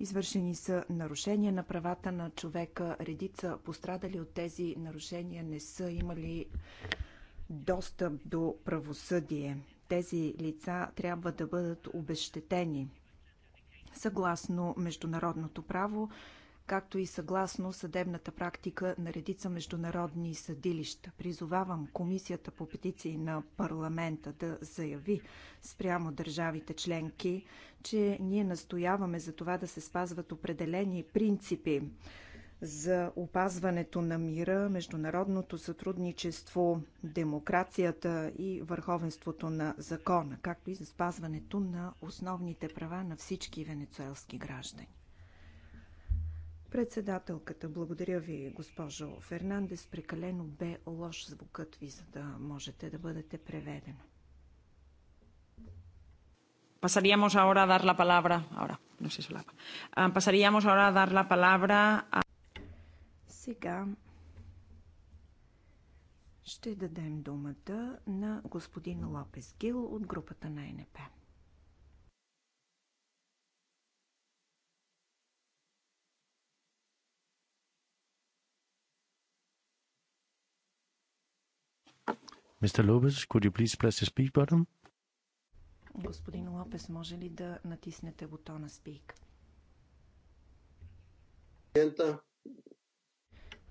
Извършени са нарушения на правата на човека. Редица пострадали от тези нарушения не са имали достъп до правосъдие. Тези лица трябва да бъдат обещетени. Съгласно международното право, както и съгласно съдебната практика на редица международни съдилища. Призовавам Комисията по петиции на парламента да заяви спрямо държавите членки, че ние настояваме за това да се спазват определени принципи за опазването на мира, международното сътрудничество, демокрацията и върховенството на закона, както и за спазването на основните права на всички венецуелски граждани. Председателката, благодаря ви, госпожо Фернандес. Прекалено бе лош звукът ви, за да можете да бъдете преведена. Pasaríamos ahora a dar la palabra. Ahora, no se solapa. Ah, pasaríamos ahora a dar la palabra a. Сега ще дадем думата на господин Лопес Гил от групата на НП. could you please press the speak button? Господин Лопес, може ли да натиснете бутона Speak?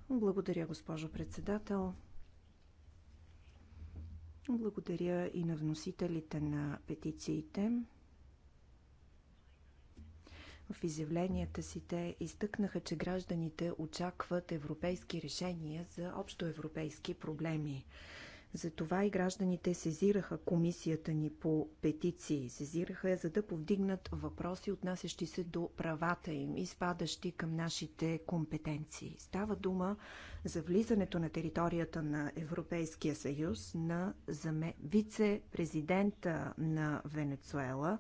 Благодаря, госпожо председател. Благодаря и на вносителите на петициите. В изявленията си те изтъкнаха, че гражданите очакват европейски решения за общоевропейски проблеми. Затова и гражданите сезираха комисията ни по петиции. Сезираха я, за да повдигнат въпроси, отнасящи се до правата им, изпадащи към нашите компетенции. Става дума за влизането на територията на Европейския съюз на заме... вице-президента на Венецуела,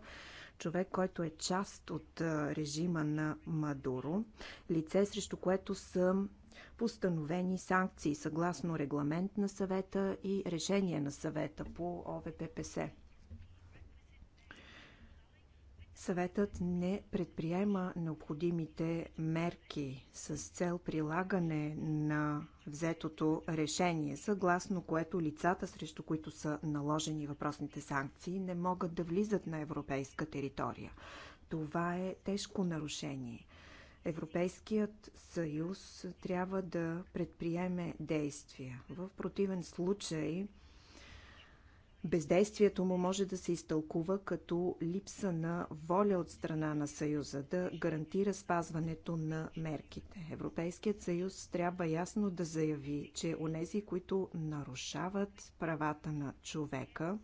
човек, който е част от режима на Мадуро, лице срещу което са постановени санкции съгласно регламент на съвета и решение на съвета по ОВППС. Съветът не предприема необходимите мерки с цел прилагане на взетото решение, съгласно което лицата, срещу които са наложени въпросните санкции, не могат да влизат на европейска територия. Това е тежко нарушение Европейският съюз трябва да предприеме действия. В противен случай бездействието му може да се изтълкува като липса на воля от страна на съюза да гарантира спазването на мерките. Европейският съюз трябва ясно да заяви, че онези, които нарушават правата на човека,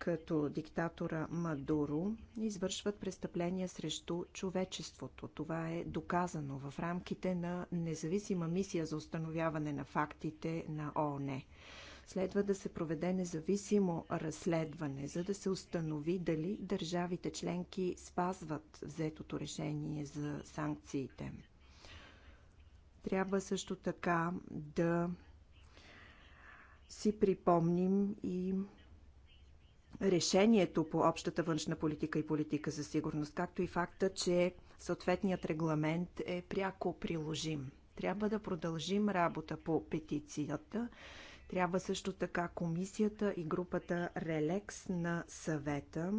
като диктатора Мадуро извършват престъпления срещу човечеството. Това е доказано в рамките на независима мисия за установяване на фактите на ООН. Следва да се проведе независимо разследване, за да се установи дали държавите членки спазват взетото решение за санкциите. Трябва също така да си припомним и решението по общата външна политика и политика за сигурност, както и факта, че съответният регламент е пряко приложим. Трябва да продължим работа по петицията. Трябва също така комисията и групата Релекс на съвета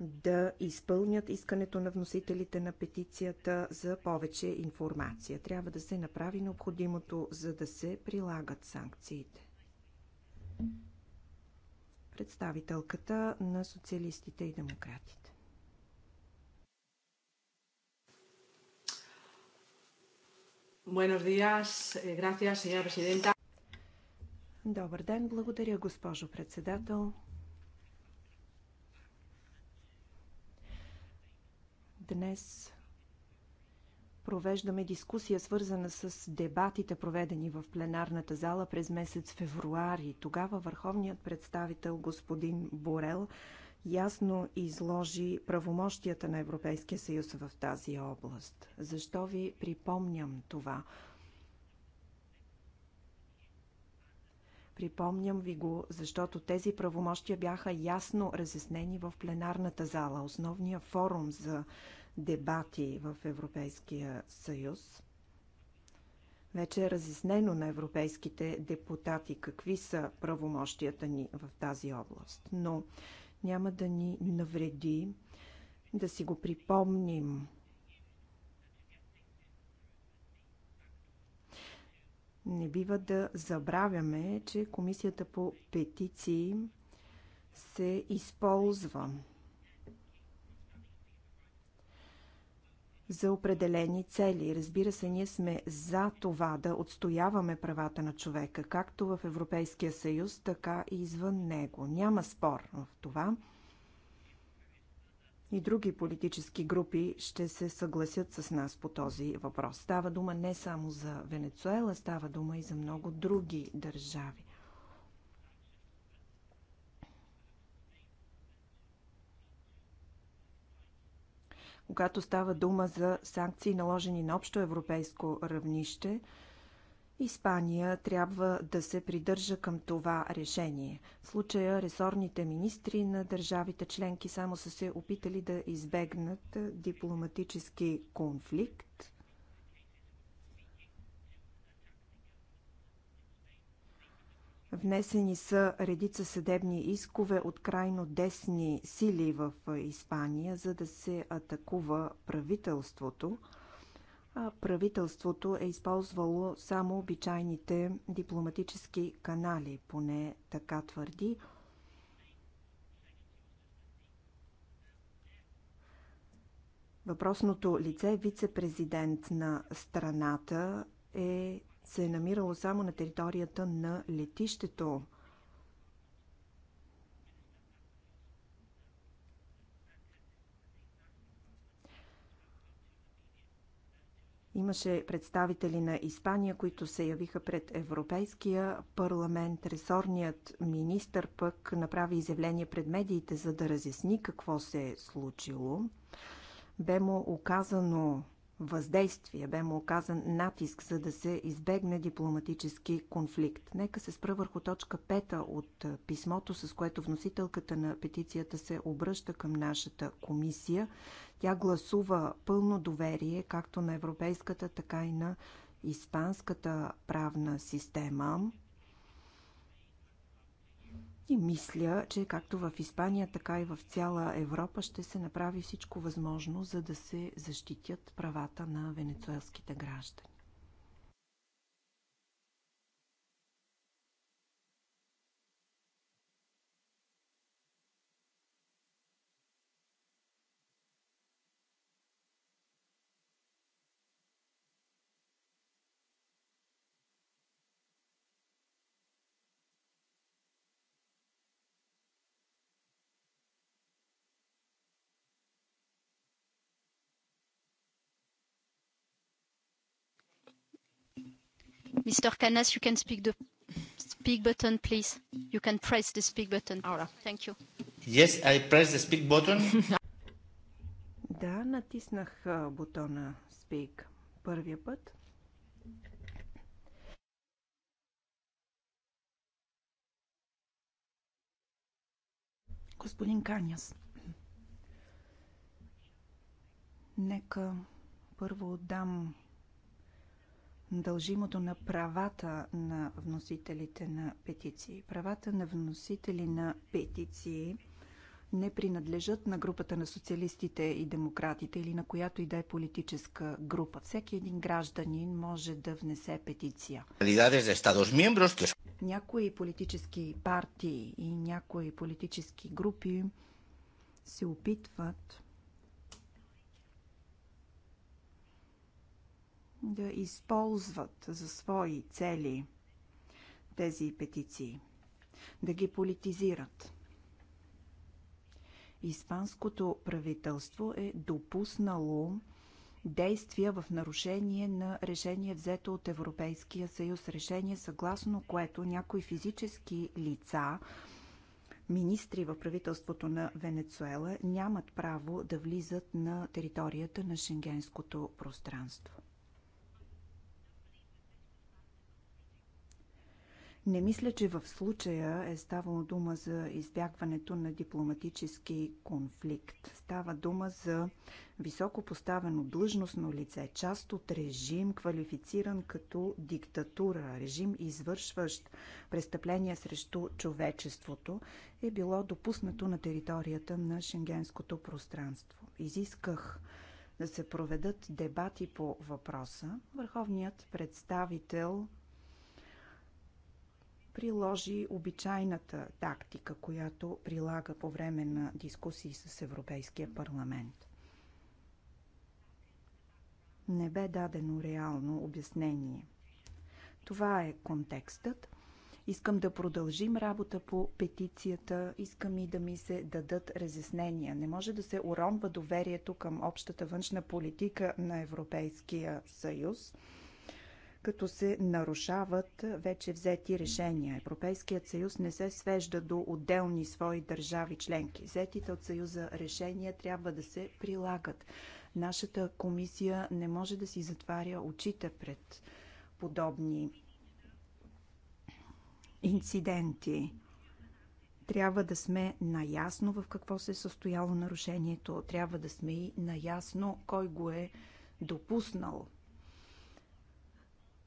да изпълнят искането на вносителите на петицията за повече информация. Трябва да се направи необходимото, за да се прилагат санкциите представителката на социалистите и демократите. Buenos días, eh, gracias, señora presidenta. Добър ден, благодаря, госпожо председател. Днес провеждаме дискусия, свързана с дебатите, проведени в пленарната зала през месец февруари. Тогава върховният представител господин Борел ясно изложи правомощията на Европейския съюз в тази област. Защо ви припомням това? Припомням ви го, защото тези правомощия бяха ясно разяснени в пленарната зала, основния форум за дебати в Европейския съюз. Вече е разяснено на европейските депутати какви са правомощията ни в тази област, но няма да ни навреди да си го припомним. Не бива да забравяме, че Комисията по петиции се използва за определени цели. Разбира се, ние сме за това да отстояваме правата на човека, както в Европейския съюз, така и извън него. Няма спор в това. И други политически групи ще се съгласят с нас по този въпрос. Става дума не само за Венецуела, става дума и за много други държави. когато става дума за санкции наложени на общо европейско равнище, Испания трябва да се придържа към това решение. В случая ресорните министри на държавите членки само са се опитали да избегнат дипломатически конфликт. Внесени са редица съдебни искове от крайно десни сили в Испания, за да се атакува правителството. А правителството е използвало само обичайните дипломатически канали, поне така твърди. Въпросното лице, вице-президент на страната, е се е намирало само на територията на летището. Имаше представители на Испания, които се явиха пред Европейския парламент. Ресорният министр пък направи изявление пред медиите, за да разясни какво се е случило. Бе му оказано въздействие, бе му оказан натиск, за да се избегне дипломатически конфликт. Нека се спра върху точка 5 от писмото, с което вносителката на петицията се обръща към нашата комисия. Тя гласува пълно доверие както на европейската, така и на испанската правна система. И мисля, че както в Испания, така и в цяла Европа ще се направи всичко възможно, за да се защитят правата на венецуелските граждани. Mr. Canas, you can speak the speak button, please. You can press the speak button. Ahora. Thank you. Yes, I press the speak button. да, натиснах бутона speak първия път. Господин Каняс, нека първо отдам дължимото на правата на вносителите на петиции. Правата на вносители на петиции не принадлежат на групата на социалистите и демократите или на която и да е политическа група. Всеки един гражданин може да внесе петиция. Някои политически партии и някои политически групи се опитват да използват за свои цели тези петиции, да ги политизират. Испанското правителство е допуснало действия в нарушение на решение взето от Европейския съюз. Решение съгласно което някои физически лица, министри в правителството на Венецуела, нямат право да влизат на територията на шенгенското пространство. Не мисля, че в случая е ставало дума за избягването на дипломатически конфликт. Става дума за високо поставено длъжностно лице, част от режим, квалифициран като диктатура, режим, извършващ престъпления срещу човечеството, е било допуснато на територията на шенгенското пространство. Изисках да се проведат дебати по въпроса. Върховният представител приложи обичайната тактика, която прилага по време на дискусии с Европейския парламент. Не бе дадено реално обяснение. Това е контекстът. Искам да продължим работа по петицията, искам и да ми се дадат разяснения. Не може да се уронва доверието към общата външна политика на Европейския съюз – като се нарушават вече взети решения. Европейският съюз не се свежда до отделни свои държави членки. Взетите от съюза решения трябва да се прилагат. Нашата комисия не може да си затваря очите пред подобни инциденти трябва да сме наясно в какво се е състояло нарушението, трябва да сме и наясно кой го е допуснал.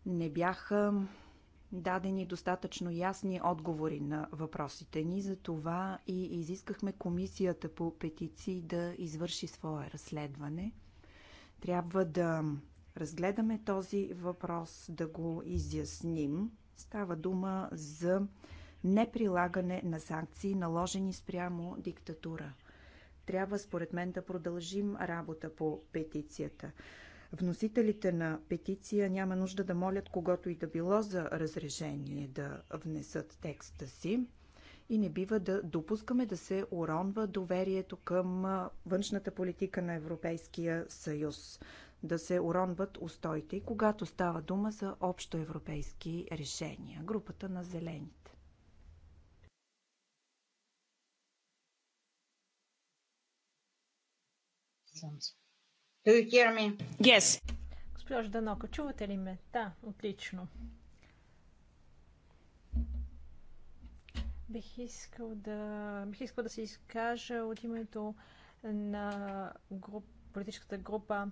Не бяха дадени достатъчно ясни отговори на въпросите ни, за това и изискахме комисията по петиции да извърши свое разследване. Трябва да разгледаме този въпрос, да го изясним. Става дума за неприлагане на санкции, наложени спрямо диктатура. Трябва, според мен, да продължим работа по петицията. Вносителите на петиция няма нужда да молят когото и да било за разрешение да внесат текста си и не бива да допускаме да се уронва доверието към външната политика на Европейския съюз, да се уронват устоите, когато става дума за общоевропейски решения. Групата на зелените. Sounds Do you hear me? Yes. Госпожо Данока, чувате ли ме? Да, отлично. Бих искал да, бих искал да се изкажа от името на груп, политическата група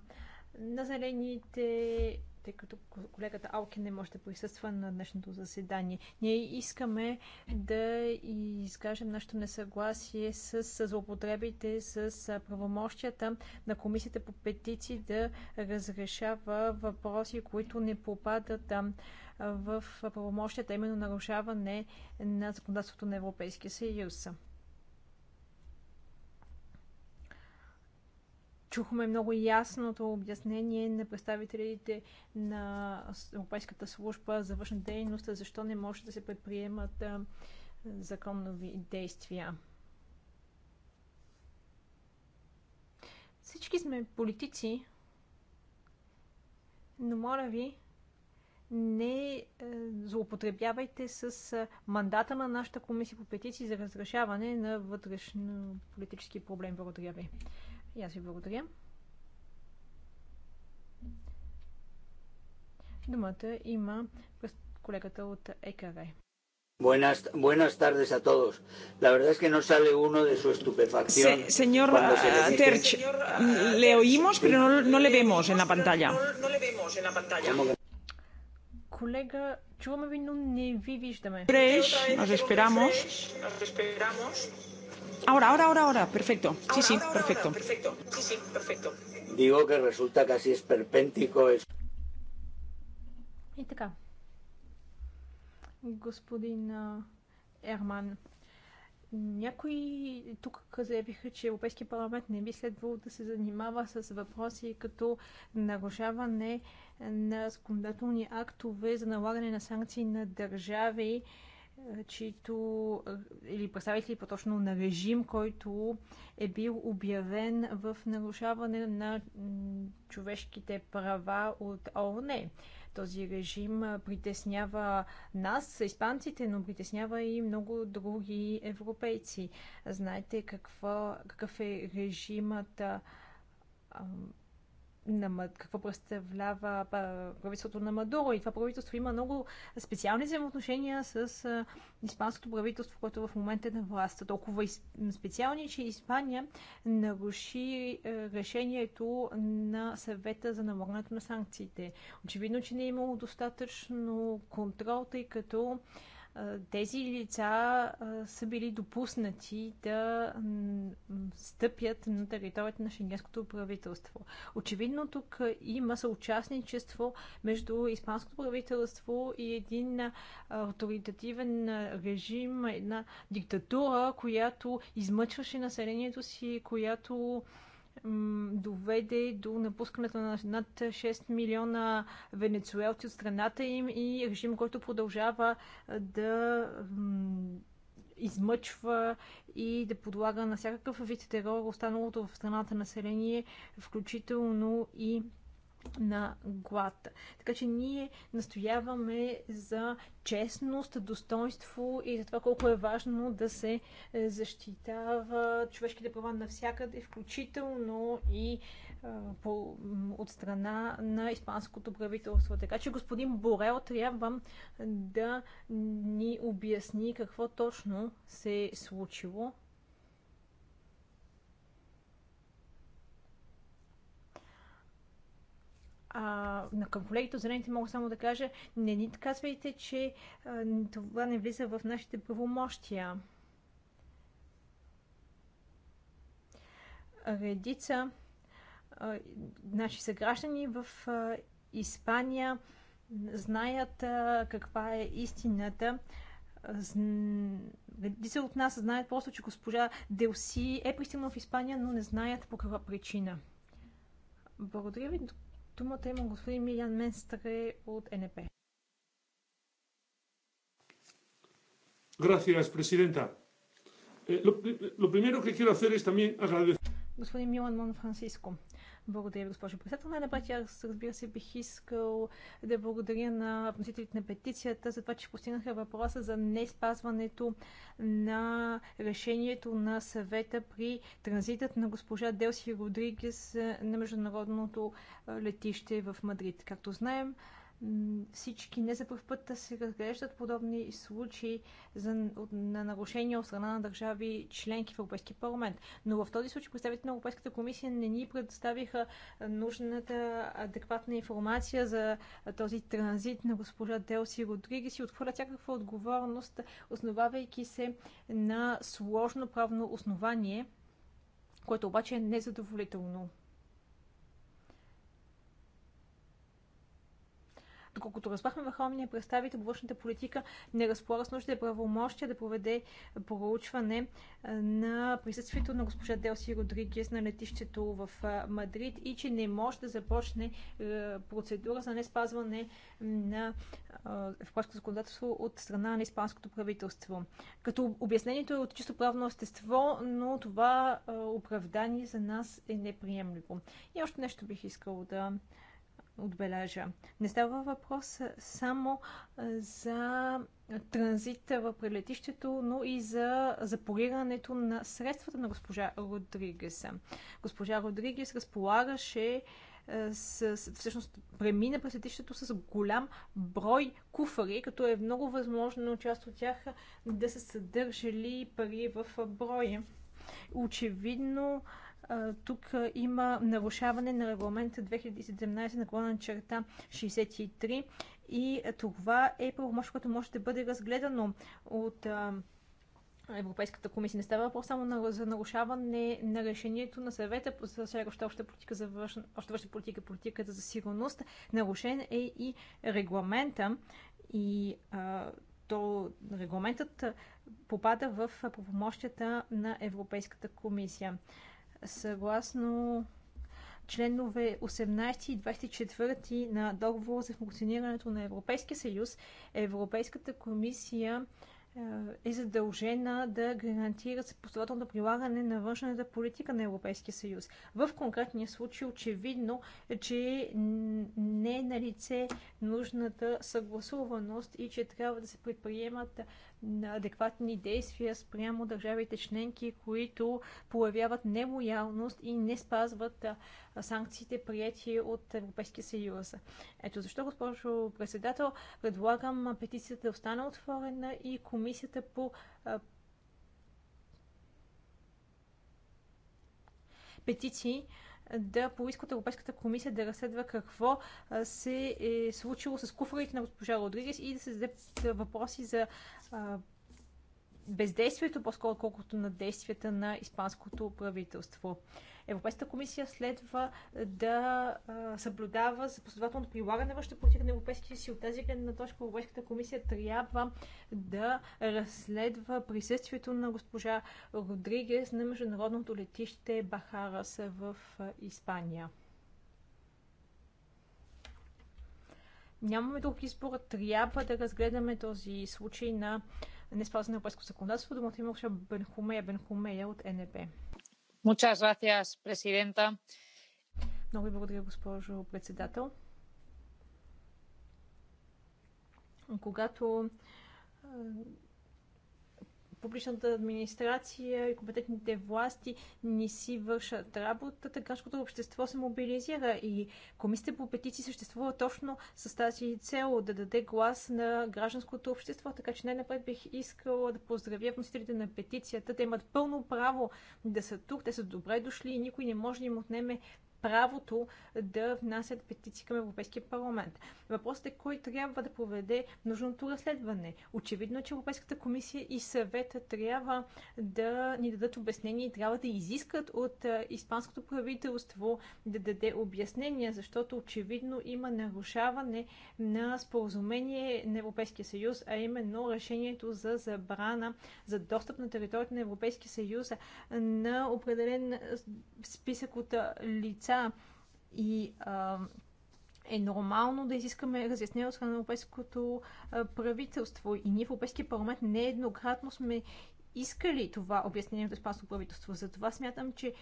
на зелените тъй като колегата Алки не може да присъства на днешното заседание. Ние искаме да изкажем нашето несъгласие с злоупотребите с правомощията на Комисията по петиции да разрешава въпроси, които не попадат в правомощията, именно нарушаване на законодателството на Европейския съюз. Чухме много ясното обяснение на представителите на Европейската служба за външна дейност, защо не може да се предприемат законови действия. Всички сме политици, но моля ви, не е, злоупотребявайте с мандата на нашата комисия по петиции за разрешаване на вътрешно политически проблем. Благодаря ви. И аз ви благодаря. Думата има колегата от ЕКВ. Buenas, buenas tardes a todos. La verdad es que no sale uno de su estupefacción. Se, señor se Terch, le oímos, pero no, no le vemos en la pantalla. No, le vemos en la pantalla. Colega, чуваме ви, но не ви виждаме. Fresh, nos esperamos. Nos esperamos. Ahora, ahora, ahora, ahora. Perfecto. Sí, ahora, sí, ahora, perfecto. Ahora, perfecto. Sí, sí, perfecto. Digo que resulta casi esperpéntico. Es... И така. Господин Ерман, някои тук заявиха, че Европейския парламент не би следвало да се занимава с въпроси като нарушаване на законодателни актове за налагане на санкции на държави, чието, е, или представители по-точно на режим, който е бил обявен в нарушаване на човешките права от ООН. Този режим притеснява нас, испанците, но притеснява и много други европейци. Знаете какво, какъв е режимът на, какво представлява правителството на Мадуро. И това правителство има много специални взаимоотношения с а, испанското правителство, което в момента е на власт. Толкова из, специални, че Испания наруши а, е, решението на съвета за намагането на санкциите. Очевидно, че не е имало достатъчно контрол, тъй като тези лица са били допуснати да стъпят на територията на шенгенското правителство. Очевидно тук има съучастничество между испанското правителство и един авторитативен режим, една диктатура, която измъчваше населението си, която доведе до напускането на над 6 милиона венецуелци от страната им и режим, който продължава да измъчва и да подлага на всякакъв вид терор останалото в страната население, включително и на глад. Така че ние настояваме за честност, достоинство и за това колко е важно да се е, защитава човешките права навсякъде, включително и е, по, от страна на испанското правителство. Така че господин Борел трябва да ни обясни какво точно се е случило А, на към колегите от зелените мога само да кажа, не ни казвайте, че а, това не влиза в нашите правомощия. Редица а, наши съграждани в а, Испания знаят а, каква е истината. Редица от нас знаят просто, че госпожа Делси е пристигнала в Испания, но не знаят по каква причина. Благодаря ви. Думата има господин Милиан Менстре от НП. Gracias, Presidenta. Eh, lo, lo primero que quiero hacer es también agradecer. Господин Милан Мон Франциско, благодаря ви, госпожо председател. Най-напред аз, разбира се, бих искал да благодаря на вносителите на петицията за това, че постигнаха въпроса за не спазването на решението на съвета при транзитът на госпожа Делси Родригес на международното летище в Мадрид. Както знаем, всички не за първ път да се разглеждат подобни случаи за, на нарушения от страна на държави членки в Европейския парламент. Но в този случай представителите на Европейската комисия не ни предоставиха нужната адекватна информация за този транзит на госпожа Делси Родригес и отхвърля всякаква отговорност, основавайки се на сложно правно основание, което обаче е незадоволително. Доколкото разбрахме, върховният представител външната политика не разполага с нужните правомощия да проведе проучване на присъствието на госпожа Делси Родригес на летището в Мадрид и че не може да започне процедура за не спазване на европейското законодателство от страна на испанското правителство. Като обяснението е от чисто правно естество, но това оправдание за нас е неприемливо. И още нещо бих искал да отбележа. Не става въпрос само за транзита в прелетището, но и за запорирането на средствата на госпожа Родригеса. Госпожа Родригес разполагаше с, всъщност премина през летището с голям брой куфари, като е много възможно част от тях да са съдържали пари в броя. Очевидно тук има нарушаване на регламент 2017 на на черта 63 и това е правомощ, което може да бъде разгледано от Европейската комисия. Не става въпрос само за нарушаване на решението на съвета за следваща обща политика, за външна, обща политика, политиката за сигурност. Нарушен е и регламента и а, то регламентът попада в правомощията на Европейската комисия съгласно членове 18 и 24 на договор за функционирането на Европейския съюз, Европейската комисия е, е задължена да гарантира последователно прилагане на външната политика на Европейския съюз. В конкретния случай очевидно е, че не е на лице нужната съгласуваност и че трябва да се предприемат на адекватни действия спрямо държавите членки, които появяват нелоялност и не спазват санкциите, прияти от Европейския съюз. Ето защо, госпожо председател, предлагам петицията да остане отворена и комисията по петиции да поиска от Европейската комисия да разследва какво се е случило с куфарите на госпожа Родригес и да се зададе въпроси за бездействието, по-скоро колкото на действията на испанското правителство. Европейската комисия следва да съблюдава за последователното прилагане на външната политика на Европейския си. От тази гледна точка Европейската комисия трябва да разследва присъствието на госпожа Родригес на международното летище Бахарас в Испания. Нямаме друг избор. Трябва да разгледаме този случай на не спазване на европейско законодателство. Думата има още Бенхумея Бенхумея от НП. Muchas gracias, президента. Много ви благодаря, госпожо председател. Когато публичната администрация и компетентните власти не си вършат работата, гражданското общество се мобилизира и комисията по петиции съществува точно с тази цел да даде глас на гражданското общество. Така че най-напред бих искала да поздравя вносителите на петицията. Те имат пълно право да са тук, те са добре дошли и никой не може да им отнеме правото да внасят петиции към Европейския парламент. Въпросът е кой трябва да проведе нужното разследване. Очевидно е, че Европейската комисия и съвета трябва да ни дадат обяснение и трябва да изискат от испанското правителство да даде обяснение, защото очевидно има нарушаване на споразумение на Европейския съюз, а именно решението за забрана за достъп на територията на Европейския съюз на определен списък от лица, лица и а, е нормално да изискаме разяснение от страна на европейското правителство. И ние в Европейския парламент нееднократно сме искали това обяснение от испанското правителство. Затова смятам, че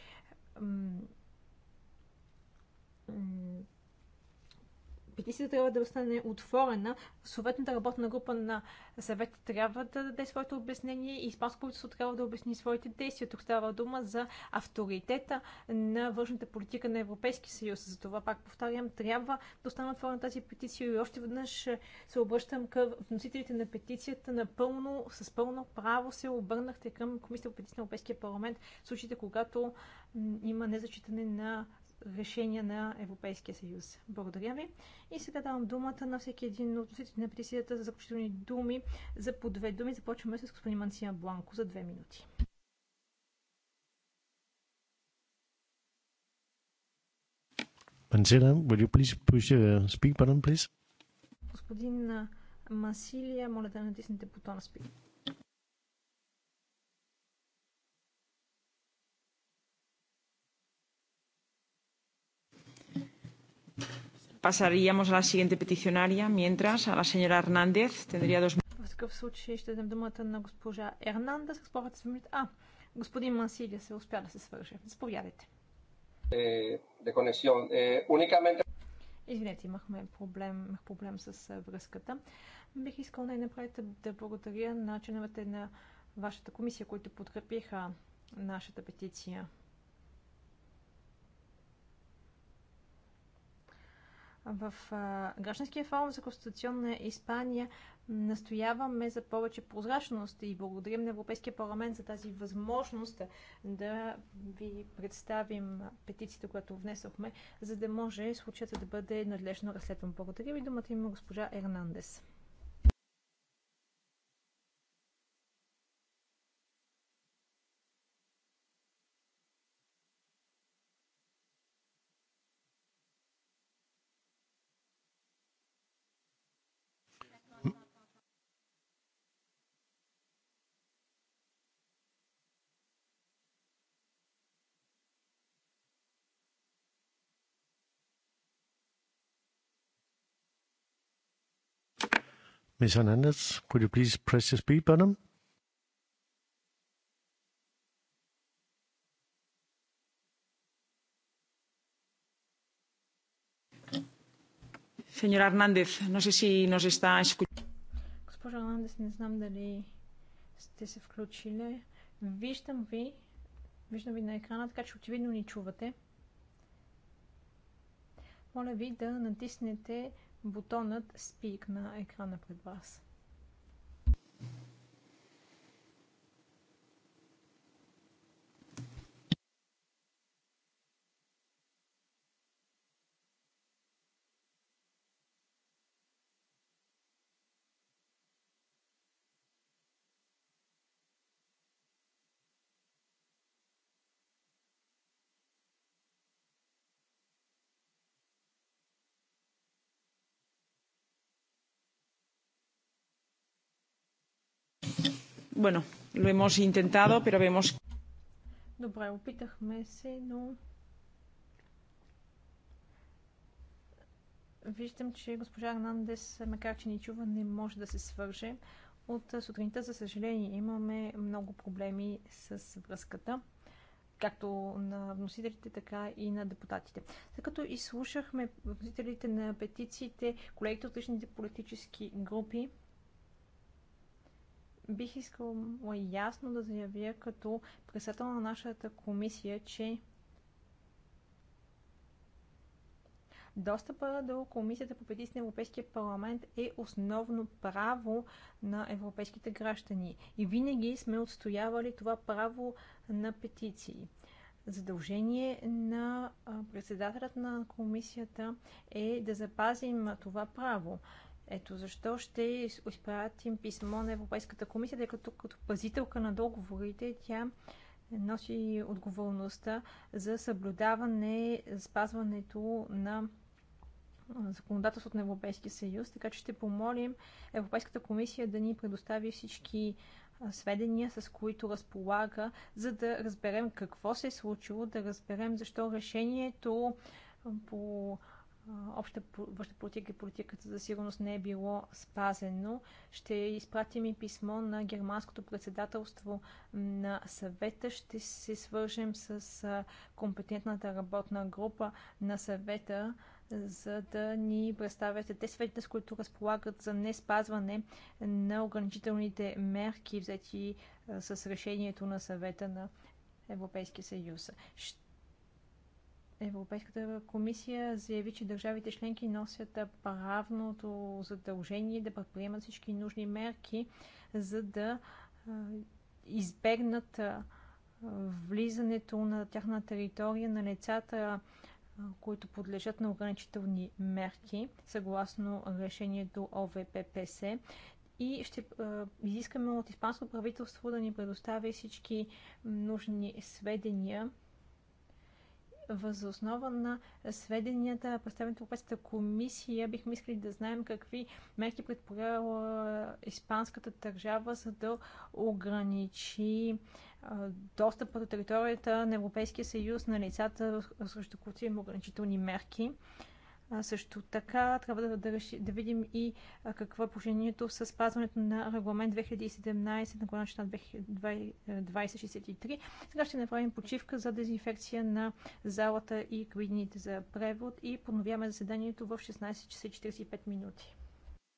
петицията трябва да остане отворена. Съветната работна група на съвет трябва да даде своето обяснение и Испанско правителство трябва да обясни своите действия. Тук става дума за авторитета на външната политика на Европейския съюз. Затова, пак повтарям, трябва да остане отворена тази петиция и още веднъж се обръщам към вносителите на петицията. Напълно, с пълно право се обърнахте към Комисията по петиция на Европейския парламент в случаите, когато има незачитане на решения на Европейския съюз. Благодаря ви. И сега давам думата на всеки един от носителите на присидата за заключителни думи. За по две думи започваме с господин Мансия Бланко за две минути. Мансила, will you please push the speak button, please? Господин Масилия, моля да натиснете бутона speak. Pasaríamos a la siguiente peticionaria, mientras a la señora Hernández tendría dos minutos. В De conexión. Eh, únicamente... Извинете, имахме проблем, имах проблем с връзката. Бих искал най-напред да благодаря на членовете на вашата комисия, които подкрепиха нашата петиция. В Гражданския форум за Конституционна Испания настояваме за повече прозрачност и благодарим на Европейския парламент за тази възможност да ви представим петицията, която внесохме, за да може случаята да бъде надлежно разследван. Благодаря ви. Думата има госпожа Ернандес. Ms. Hernandez, could you please press the speed button? Señora Hernández, no sé si nos está escuchando. Госпожа Ландес, не знам дали сте се включили. Виждам ви. Виждам ви на екрана, така че очевидно ни чувате. Моля ви да натиснете бутонът Speak на екрана пред вас. bueno, lo hemos intentado, pero vemos... Добре, опитахме се, но... Виждам, че госпожа Арнандес, макар че ни чува, не може да се свърже. От сутринта, за съжаление, имаме много проблеми с връзката, както на вносителите, така и на депутатите. Тъй като изслушахме вносителите на петициите, колегите от личните политически групи, бих искал ясно да заявя като председател на нашата комисия, че Достъпа до Комисията по петиции на Европейския парламент е основно право на европейските граждани. И винаги сме отстоявали това право на петиции. Задължение на председателят на комисията е да запазим това право. Ето защо ще изпратим писмо на Европейската комисия, тъй като като пазителка на договорите тя носи отговорността за съблюдаване, спазването на законодателството на Европейския съюз, така че ще помолим Европейската комисия да ни предостави всички сведения, с които разполага, за да разберем какво се е случило, да разберем защо решението по обща външна политика и политиката за сигурност не е било спазено. Ще изпратим и писмо на германското председателство на съвета. Ще се свържем с компетентната работна група на съвета, за да ни представят те сведения, с които разполагат за не спазване на ограничителните мерки, взети с решението на съвета на Европейския съюз. Ще Европейската комисия заяви, че държавите членки носят правното задължение да предприемат всички нужни мерки, за да избегнат влизането на тяхна територия на лицата, които подлежат на ограничителни мерки, съгласно решението ОВППС. И ще изискаме от испанско правителство да ни предостави всички нужни сведения възоснова на сведенията, на от Европейската комисия, бихме искали да знаем какви мерки предполагала испанската държава, за да ограничи достъпа до територията на Европейския съюз на лицата, срещу които има ограничителни мерки. А също така трябва да, да, реши, да видим и а, какво е положението с спазването на регламент 2017 на гранична 2063. Сега ще направим почивка за дезинфекция на залата и кабините за превод и подновяваме заседанието в 16 часа 45 минути.